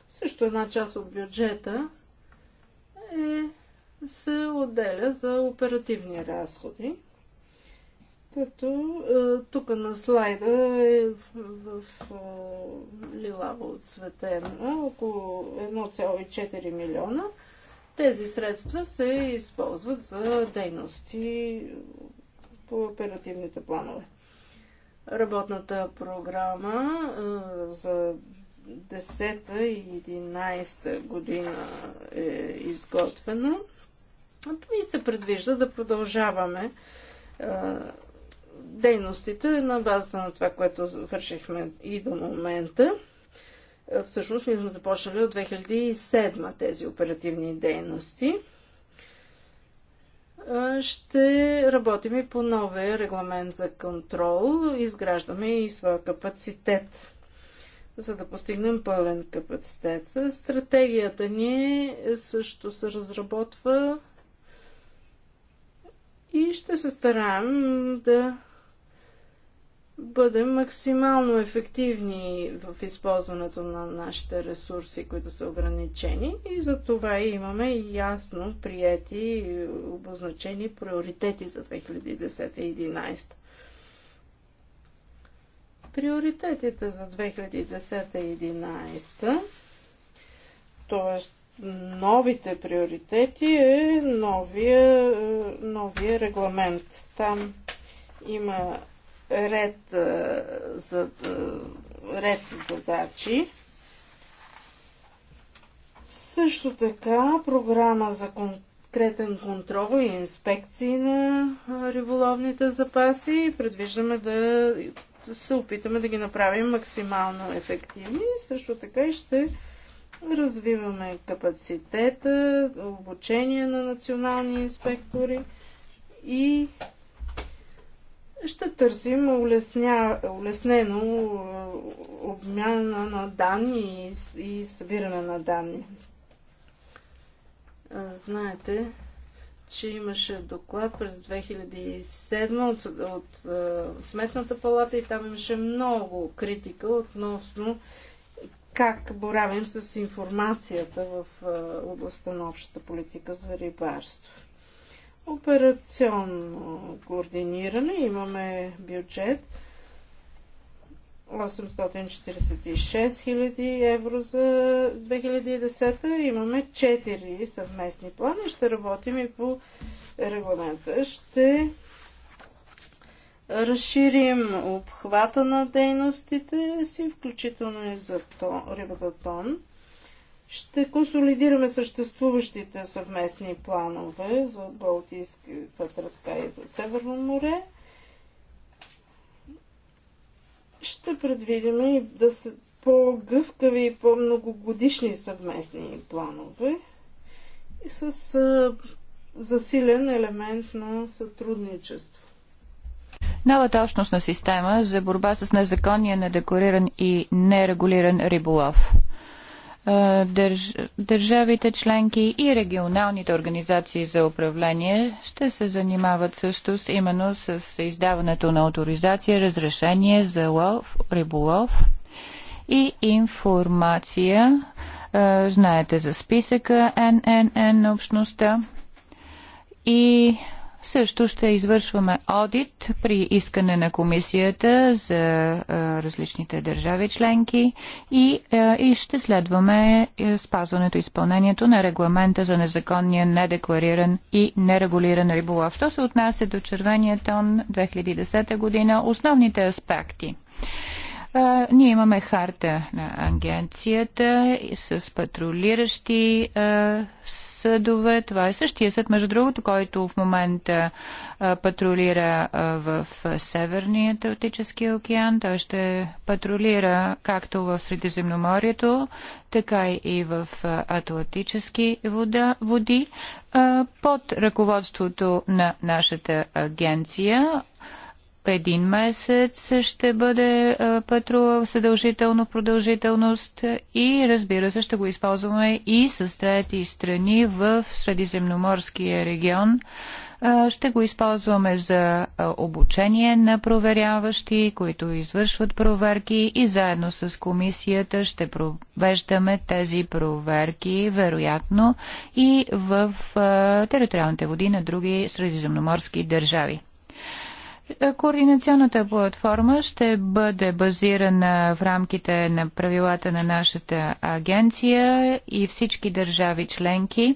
Също една част от бюджета е, се отделя за оперативни разходи. Като тук на слайда е в, в лилаво отцветено около 1,4 милиона – тези средства се използват за дейности по оперативните планове. Работната програма за 10 и 11 година е изготвена и се предвижда да продължаваме дейностите на базата на това, което вършихме и до момента. Е, всъщност ние сме започнали от 2007 тези оперативни дейности. Е, ще работим и по новия регламент за контрол. Изграждаме и своя капацитет, за да постигнем пълен капацитет. Стратегията ни също се разработва и ще се стараем да бъдем максимално ефективни в използването на нашите ресурси, които са ограничени и за това имаме ясно приети и обозначени приоритети за 2010-2011. Приоритетите за 2010-2011, т.е. новите приоритети е новия, новия регламент. Там има ред, за, ред задачи. Също така програма за конкретен контрол и инспекции на риболовните запаси предвиждаме да се опитаме да ги направим максимално ефективни. Също така и ще развиваме капацитета, обучение на национални инспектори и ще търсим улесня, улеснено е, обмяна на данни и, и събиране на данни. Знаете, че имаше доклад през 2007 от, от, от е, Сметната палата и там имаше много критика относно как боравим с информацията в е, областта на общата политика за рибарство операционно координиране. Имаме бюджет 846 000 евро за 2010. Имаме 4 съвместни плана. Ще работим и по регламента. Ще разширим обхвата на дейностите си, включително и за тон, рибата тон. Ще консолидираме съществуващите съвместни планове за Балтийски тръска и за Северно море. Ще предвидим и да са по-гъвкави и по-многогодишни съвместни планове и с засилен елемент на сътрудничество. Новата общностна система за борба с незаконния, недекориран и нерегулиран риболов – държ... държавите членки и регионалните организации за управление ще се занимават също с, именно с издаването на авторизация, разрешение за лов, риболов и информация. Знаете за списъка ННН на общността и също ще извършваме одит при искане на комисията за различните държави членки и, и ще следваме е, спазването и изпълнението на регламента за незаконния, недеклариран и нерегулиран риболов. Що се отнася до червения тон 2010 година, основните аспекти. А, ние имаме харта на агенцията с патрулиращи а, съдове. Това е същия съд, между другото, който в момента а, патрулира а, в Северния Атлантически океан. Той ще патрулира както в Средиземноморието, така и в Атлантически вода, води а, под ръководството на нашата агенция един месец ще бъде в съдължително продължителност и разбира се ще го използваме и с трети страни в Средиземноморския регион. Ще го използваме за обучение на проверяващи, които извършват проверки и заедно с комисията ще провеждаме тези проверки, вероятно, и в териториалните води на други средиземноморски държави. Координационната платформа ще бъде базирана в рамките на правилата на нашата агенция и всички държави членки.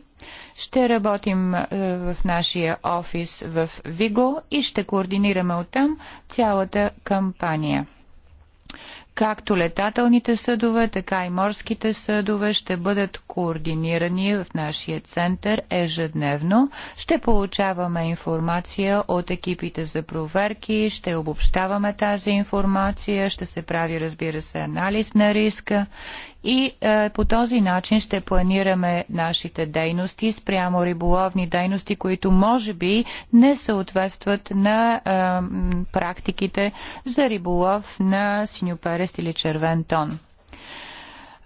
Ще работим е, в нашия офис в Виго и ще координираме оттам цялата кампания както летателните съдове, така и морските съдове ще бъдат координирани в нашия център ежедневно. Ще получаваме информация от екипите за проверки, ще обобщаваме тази информация, ще се прави, разбира се, анализ на риска и е, по този начин ще планираме нашите дейности спрямо риболовни дейности, които може би не съответстват на е, практиките за риболов на синьоперест или червен тон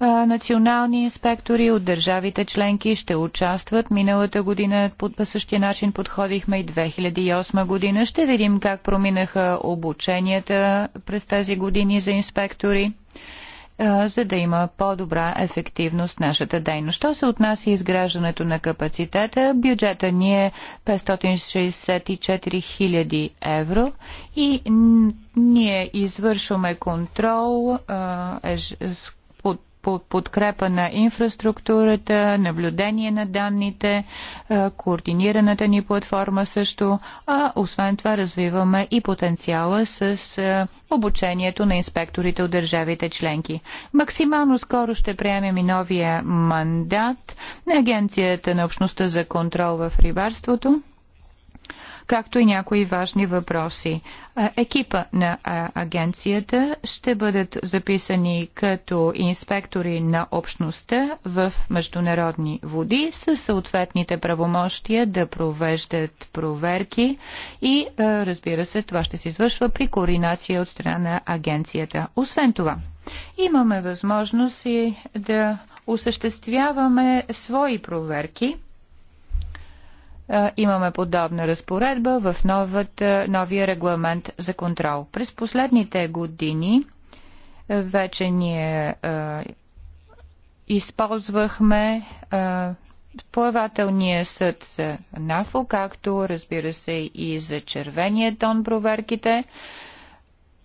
е, национални инспектори от държавите членки ще участват. Миналата година по, по същия начин подходихме и 2008 година. Ще видим как проминаха обученията през тези години за инспектори за да има по-добра ефективност нашата дейност. Що се отнася изграждането на капацитета, бюджета ни е 564 000 евро и ние извършваме контрол а, еж, по подкрепа на инфраструктурата, наблюдение на данните, е, координираната ни платформа също, а освен това развиваме и потенциала с е, обучението на инспекторите от държавите членки. Максимално скоро ще приемем и новия мандат на Агенцията на общността за контрол в рибарството както и някои важни въпроси. Екипа на агенцията ще бъдат записани като инспектори на общността в международни води с съответните правомощия да провеждат проверки и разбира се, това ще се извършва при координация от страна на агенцията. Освен това, имаме възможност и да осъществяваме свои проверки – е, имаме подобна разпоредба в новата, е, новия регламент за контрол. През последните години е, вече ние а, използвахме а, плавателния съд за НАФО, както разбира се и за червения тон проверките.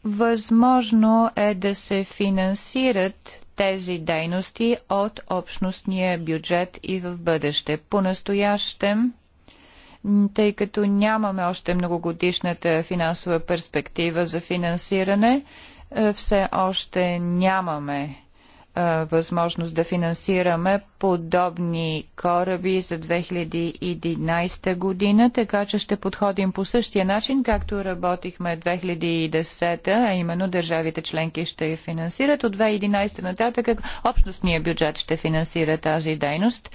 Възможно е да се финансират тези дейности от общностния бюджет и в бъдеще. По-настоящем тъй като нямаме още многогодишната финансова перспектива за финансиране. Е, все още нямаме възможност да финансираме подобни кораби за 2011 година, така че ще подходим по същия начин, както работихме 2010, а именно държавите членки ще я финансират. От 2011 нататък общностния бюджет ще финансира тази дейност.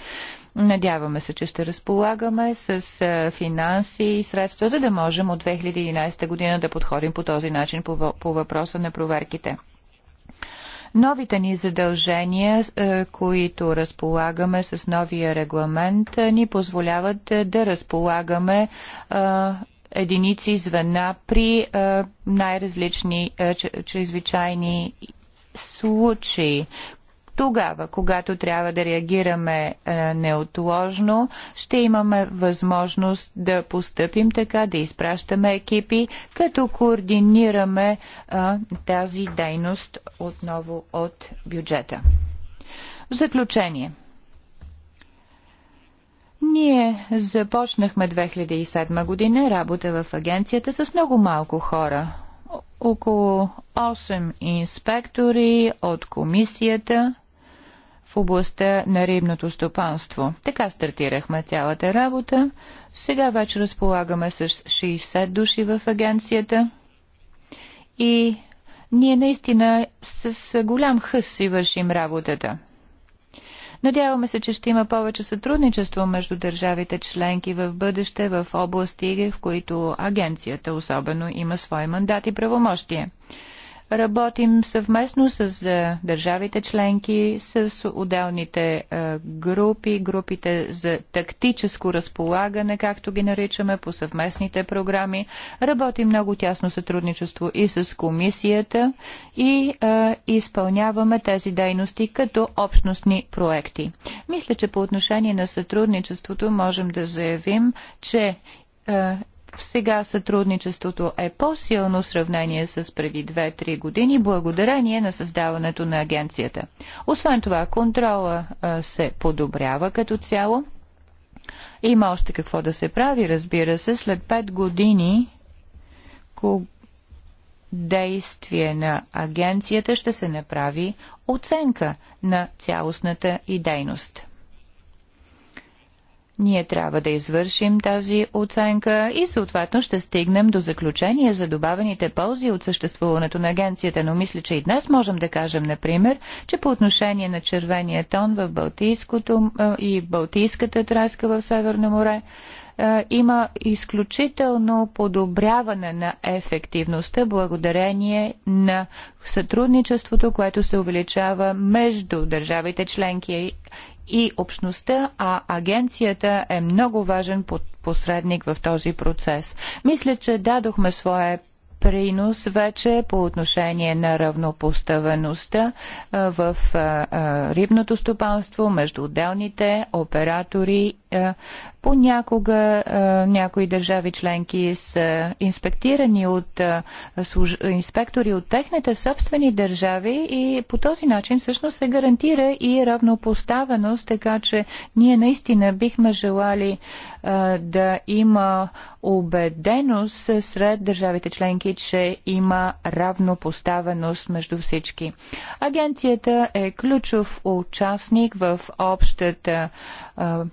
Надяваме се, че ще разполагаме с финанси и средства, за да можем от 2011 година да подходим по този начин по въпроса на проверките. Новите ни задължения, е, които разполагаме с новия регламент, е, ни позволяват е, да разполагаме единици звена при най-различни чрезвичайни случаи, тогава, когато трябва да реагираме е, неотложно, ще имаме възможност да постъпим така, да изпращаме екипи, като координираме е, тази дейност отново от бюджета. В заключение. Ние започнахме 2007 година работа в агенцията с много малко хора. Около 8 инспектори от комисията – в областта на рибното стопанство. Така стартирахме цялата работа. Сега вече разполагаме с 60 души в агенцията и ние наистина с голям хъс си вършим работата. Надяваме се, че ще има повече сътрудничество между държавите членки в бъдеще в области, в които агенцията особено има свои мандат и правомощие. Работим съвместно с е, държавите членки, с отделните е, групи, групите за тактическо разполагане, както ги наричаме, по съвместните програми. Работим много тясно сътрудничество и с комисията и а, е, изпълняваме тези дейности като общностни проекти. Мисля, че по отношение на сътрудничеството можем да заявим, че сега сътрудничеството е по-силно в сравнение с преди 2-3 години, благодарение на създаването на агенцията. Освен това, контрола се подобрява като цяло. Има още какво да се прави, разбира се, след 5 години действие на агенцията ще се направи оценка на цялостната и дейност. Ние трябва да извършим тази оценка и съответно ще стигнем до заключение за добавените ползи от съществуването на агенцията, но мисля, че и днес можем да кажем, например, че по отношение на червения тон в Балтийското и Балтийската треска в Северно море, има изключително подобряване на ефективността благодарение на сътрудничеството, което се увеличава между държавите членки и общността, а агенцията е много важен посредник в този процес. Мисля, че дадохме своя принос вече по отношение на равнопоставеността в рибното стопанство между отделните оператори Понякога е, някои държави членки са инспектирани от е, инспектори от техните собствени държави и по този начин всъщност се гарантира и равнопоставеност, така че ние наистина бихме желали е, да има убеденост сред държавите членки, че има равнопоставеност между всички. Агенцията е ключов участник в общата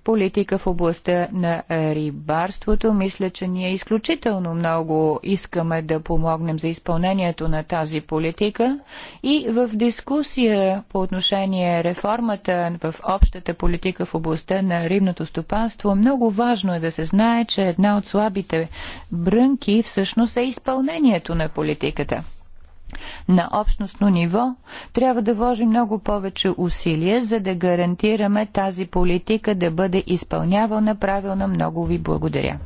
политика в областта на рибарството. Мисля, че ние изключително много искаме да помогнем за изпълнението на тази политика и в дискусия по отношение реформата в общата политика в областта на рибното стопанство, много важно е да се знае, че една от слабите брънки всъщност е изпълнението на политиката на общностно ниво трябва да вложим много повече усилия, за да гарантираме тази политика да бъде изпълнявана правилно. Много ви благодаря.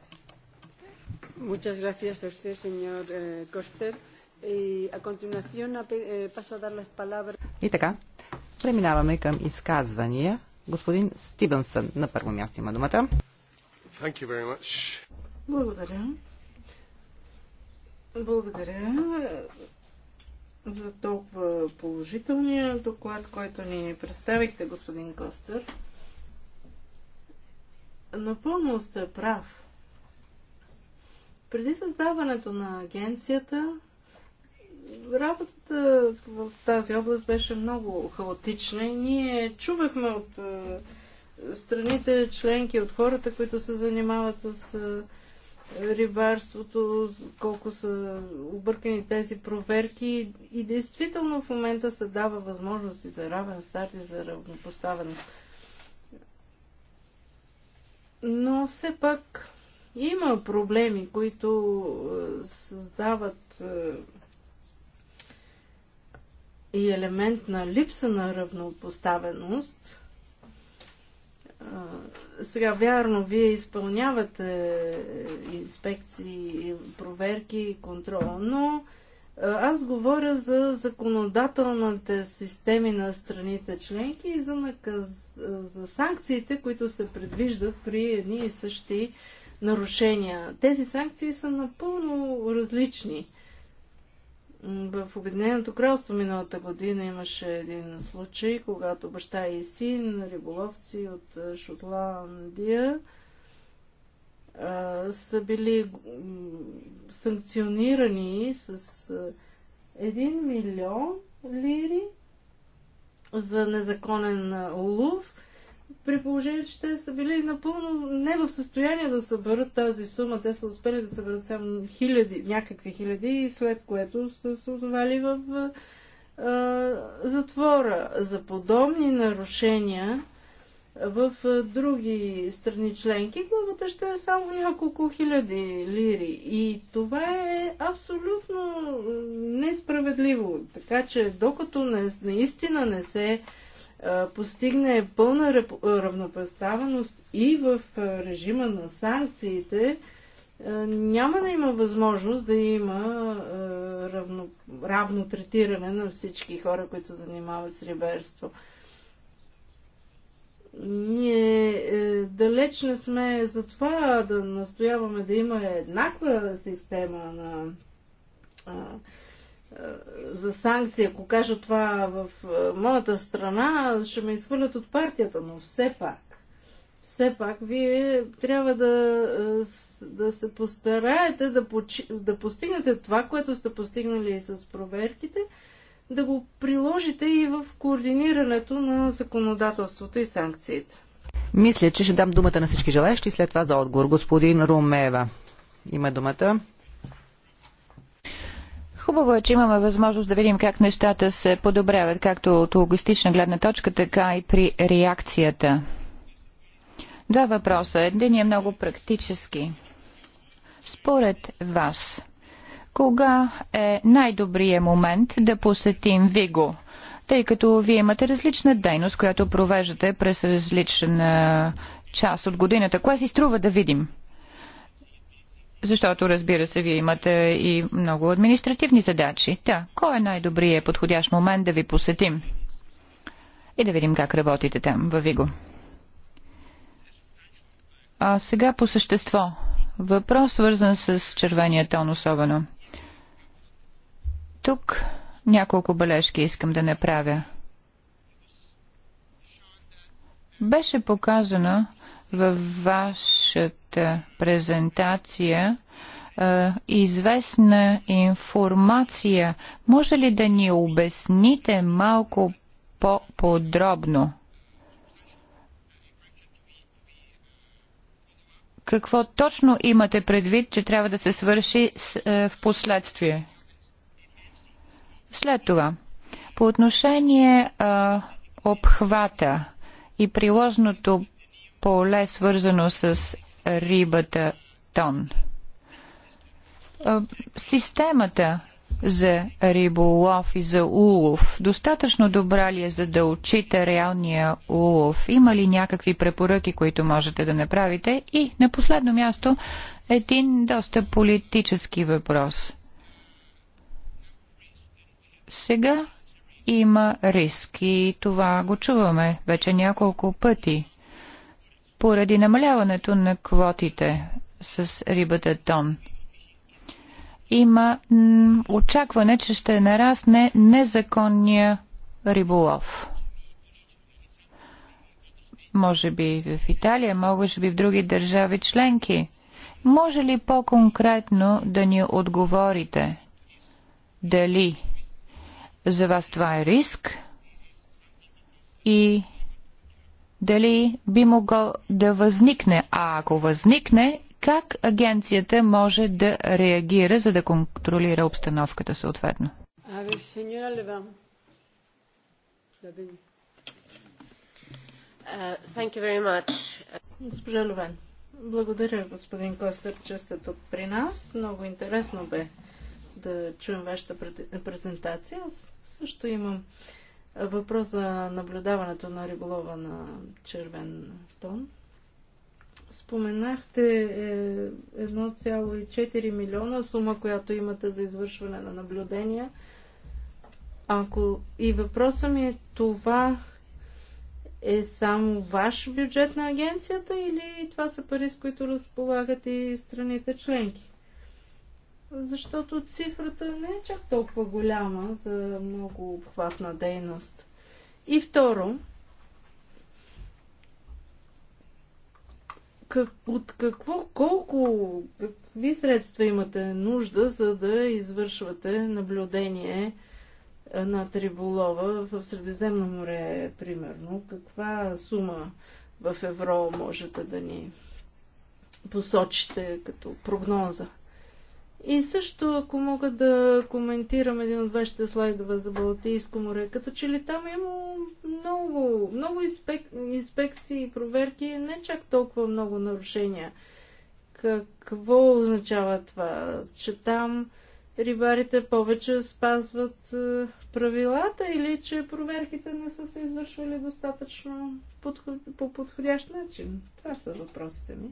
И така, преминаваме към изказвания. Господин Стивенсън на първо място има думата. Благодаря. Благодаря за толкова положителния доклад, който ни представихте, господин Костър. Напълно сте прав. Преди създаването на агенцията, работата в тази област беше много хаотична и ние чувахме от страните членки, от хората, които се занимават с рибарството, колко са объркани тези проверки и действително в момента се дава възможности за равен старт и за равнопоставеност. Но все пак има проблеми, които е, създават е, и елемент на липса на равнопоставеност – сега, вярно, вие изпълнявате инспекции, проверки и контрол, но аз говоря за законодателните системи на страните членки и за, наказ... за санкциите, които се предвиждат при едни и същи нарушения. Тези санкции са напълно различни. В Обединеното кралство миналата година имаше един случай, когато баща и син, риболовци от Шотландия, са били санкционирани с 1 милион лири за незаконен улов при положение, че те са били напълно не в състояние да съберат тази сума. Те са успели да съберат само хиляди, някакви хиляди, и след което са се озовали в а, затвора. За подобни нарушения в а, други страни членки главата ще е само няколко хиляди лири. И това е абсолютно несправедливо. Така че докато не, наистина не се постигне пълна равнопоставеност и в режима на санкциите, няма да има възможност да има равно, равно третиране на всички хора, които се занимават с риберство. Ние е, далеч не сме за това да настояваме да има еднаква система на за санкции, ако кажа това в е, моята страна, ще ме изхвърлят от партията, но все пак, все пак вие трябва да, е, да се постараете да, почи, да постигнете това, което сте постигнали и с проверките, да го приложите и в координирането на законодателството и санкциите. Мисля, че ще дам думата на всички желаящи след това за отговор. Господин Румева има думата. Хубаво е, че имаме възможност да видим как нещата се подобряват, както от логистична гледна точка, така и при реакцията. Два въпроса. Един е много практически. Според вас, кога е най-добрият момент да посетим Виго? Тъй като вие имате различна дейност, която провеждате през различен час от годината. Кое си струва да видим? Защото, разбира се, вие имате и много административни задачи. Да, кой е най-добрият подходящ момент да ви посетим? И да видим как работите там, във Виго. А сега по същество. Въпрос, свързан с червения тон особено. Тук няколко бележки искам да направя. Беше показано във вашата своята презентация е, известна информация. Може ли да ни обясните малко по-подробно? Какво точно имате предвид, че трябва да се свърши с, е, в последствие? След това, по отношение а, е, обхвата и приложното поле, свързано с рибата тон. Системата за риболов и за улов достатъчно добра ли е, за да отчита реалния улов? Има ли някакви препоръки, които можете да направите? И на последно място един доста политически въпрос. Сега има риск и това го чуваме вече няколко пъти поради намаляването на квотите с рибата тон. Има очакване, че ще нарасне незаконния риболов. Може би в Италия, може би в други държави членки. Може ли по-конкретно да ни отговорите? Дали за вас това е риск? И дали би могло да възникне, а ако възникне, как агенцията може да реагира, за да контролира обстановката съответно? Е, Госпожа Левен, благодаря господин Костър, че сте тук при нас. Много интересно бе да чуем вашата презентация. Аз също имам Въпрос за наблюдаването на риболова на червен тон. Споменахте 1,4 е, милиона сума, която имате за извършване на наблюдения. Ако и въпросът ми е това е само ваш бюджет на агенцията или това са пари, с които разполагате и страните членки? защото цифрата не е чак толкова голяма за много обхватна дейност. И второ, как, от какво, колко, какви средства имате нужда, за да извършвате наблюдение е, на риболова в Средиземно море, примерно? Каква сума в евро можете да ни посочите като прогноза? И също, ако мога да коментирам един от вашите слайдове за Балтийско море, като че ли там има много, много инспек... инспекции и проверки, не чак толкова много нарушения. Какво означава това? Че там рибарите повече спазват е, правилата или че проверките не са се извършвали достатъчно подход... по подходящ начин? Това са въпросите ми.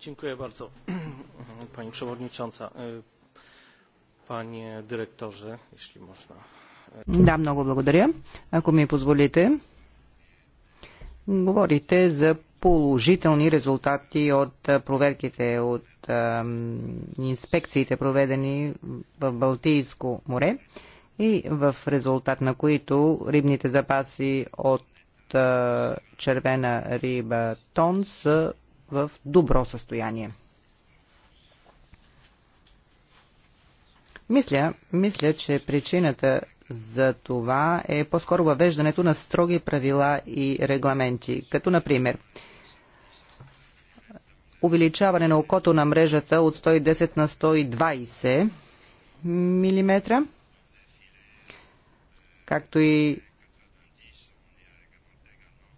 Dziękuję bardzo, Pani Przewodnicząca. Panie Dyrektorze, jeśli można. Да, много благодаря. Ако ми позволите, говорите за положителни резултати от проверките, от инспекциите, проведени в Балтийско море и в резултат на които рибните запаси от червена риба тон са в добро състояние. Мисля, мисля, че причината за това е по-скоро въвеждането на строги правила и регламенти, като например увеличаване на окото на мрежата от 110 на 120 мм, както и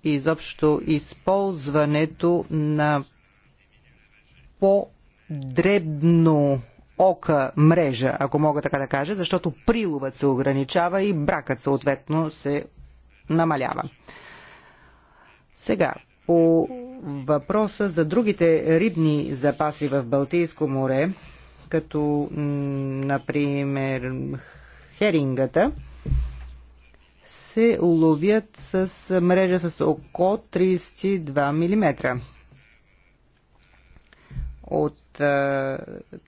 изобщо използването на по-дребно ока мрежа, ако мога така да кажа, защото приловът се ограничава и бракът съответно се намалява. Сега, по въпроса за другите рибни запаси в Балтийско море, като, например, херингата – се ловят с мрежа с око 32 мм от е,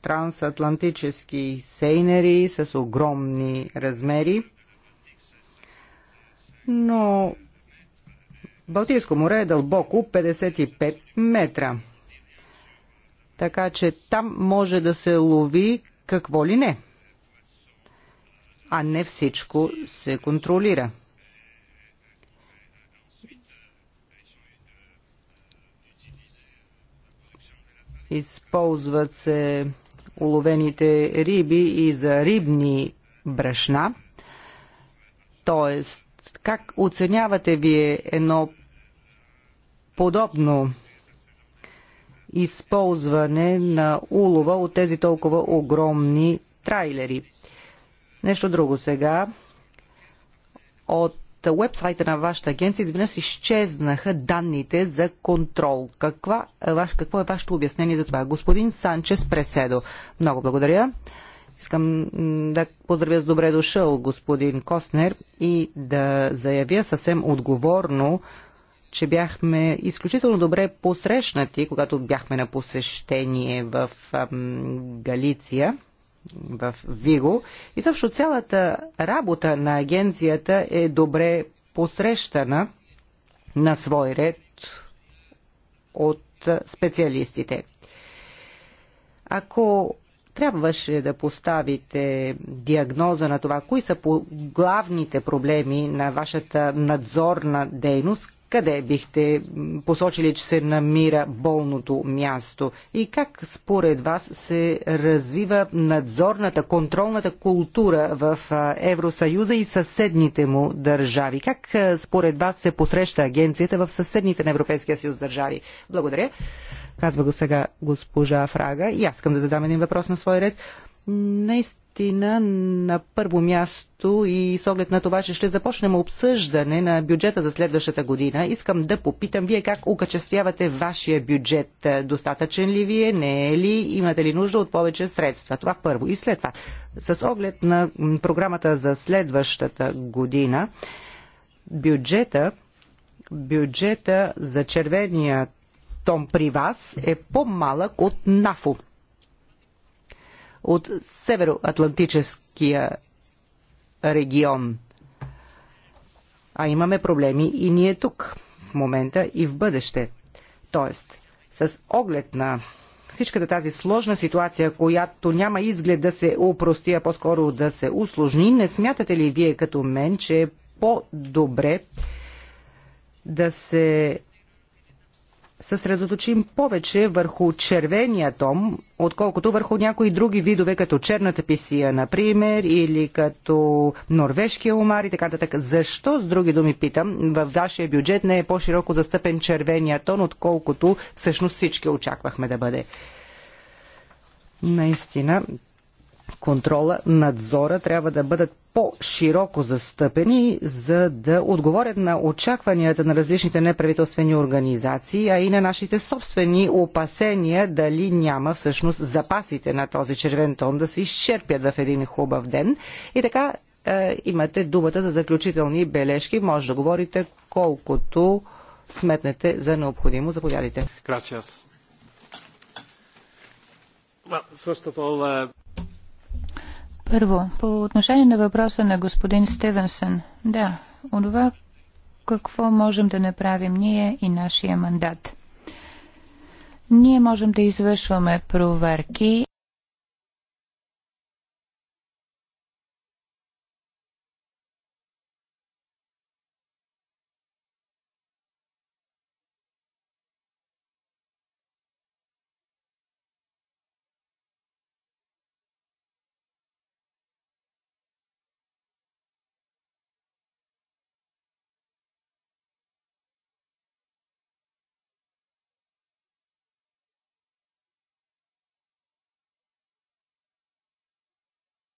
трансатлантически сейнери с огромни размери. Но Балтийско море е дълбоко 55 метра. Така че там може да се лови какво ли не. А не всичко се контролира. Използват се уловените риби и за рибни брашна. Тоест, как оценявате вие едно подобно използване на улова от тези толкова огромни трайлери? Нещо друго сега. От уебсайта на вашата агенция изведнъж изчезнаха данните за контрол. Каква, какво е вашето обяснение за това? Господин Санчес Преседо. Много благодаря. Искам да поздравя с добре дошъл господин Костнер, и да заявя съвсем отговорно, че бяхме изключително добре посрещнати, когато бяхме на посещение в Галиция в Виго. И също цялата работа на агенцията е добре посрещана на свой ред от специалистите. Ако трябваше да поставите диагноза на това, кои са главните проблеми на вашата надзорна дейност, къде бихте посочили, че се намира болното място и как според вас се развива надзорната, контролната култура в Евросъюза и съседните му държави? Как според вас се посреща агенцията в съседните на Европейския съюз държави? Благодаря. Казва го сега госпожа Фрага и аз искам да задам един въпрос на свой ред. Наистина наистина на първо място и с оглед на това, че ще започнем обсъждане на бюджета за следващата година, искам да попитам вие как окачествявате вашия бюджет. Достатъчен ли вие? Не е ли? Имате ли нужда от повече средства? Това първо. И след това, с оглед на програмата за следващата година, бюджета, бюджета за червения том при вас е по-малък от НАФО от Североатлантическия регион. А имаме проблеми и ние тук, в момента и в бъдеще. Тоест, с оглед на всичката тази сложна ситуация, която няма изглед да се упрости, а по-скоро да се усложни, не смятате ли вие като мен, че е по-добре да се съсредоточим повече върху червения том, отколкото върху някои други видове, като черната писия, например, или като норвежкия омар и така нататък. Защо, с други думи питам, във вашия бюджет не е по-широко застъпен червения тон, отколкото всъщност всички очаквахме да бъде? Наистина, контрола, надзора трябва да бъдат по-широко застъпени, за да отговорят на очакванията на различните неправителствени организации, а и на нашите собствени опасения дали няма всъщност запасите на този червен тон да се изчерпят в един хубав ден. И така е, имате думата за заключителни бележки. Може да говорите колкото сметнете за необходимо. Заповядайте. Well, first of all, uh... Първо, по отношение на въпроса на господин Стивенсън, да, онова какво можем да направим ние и нашия мандат. Ние можем да извършваме проверки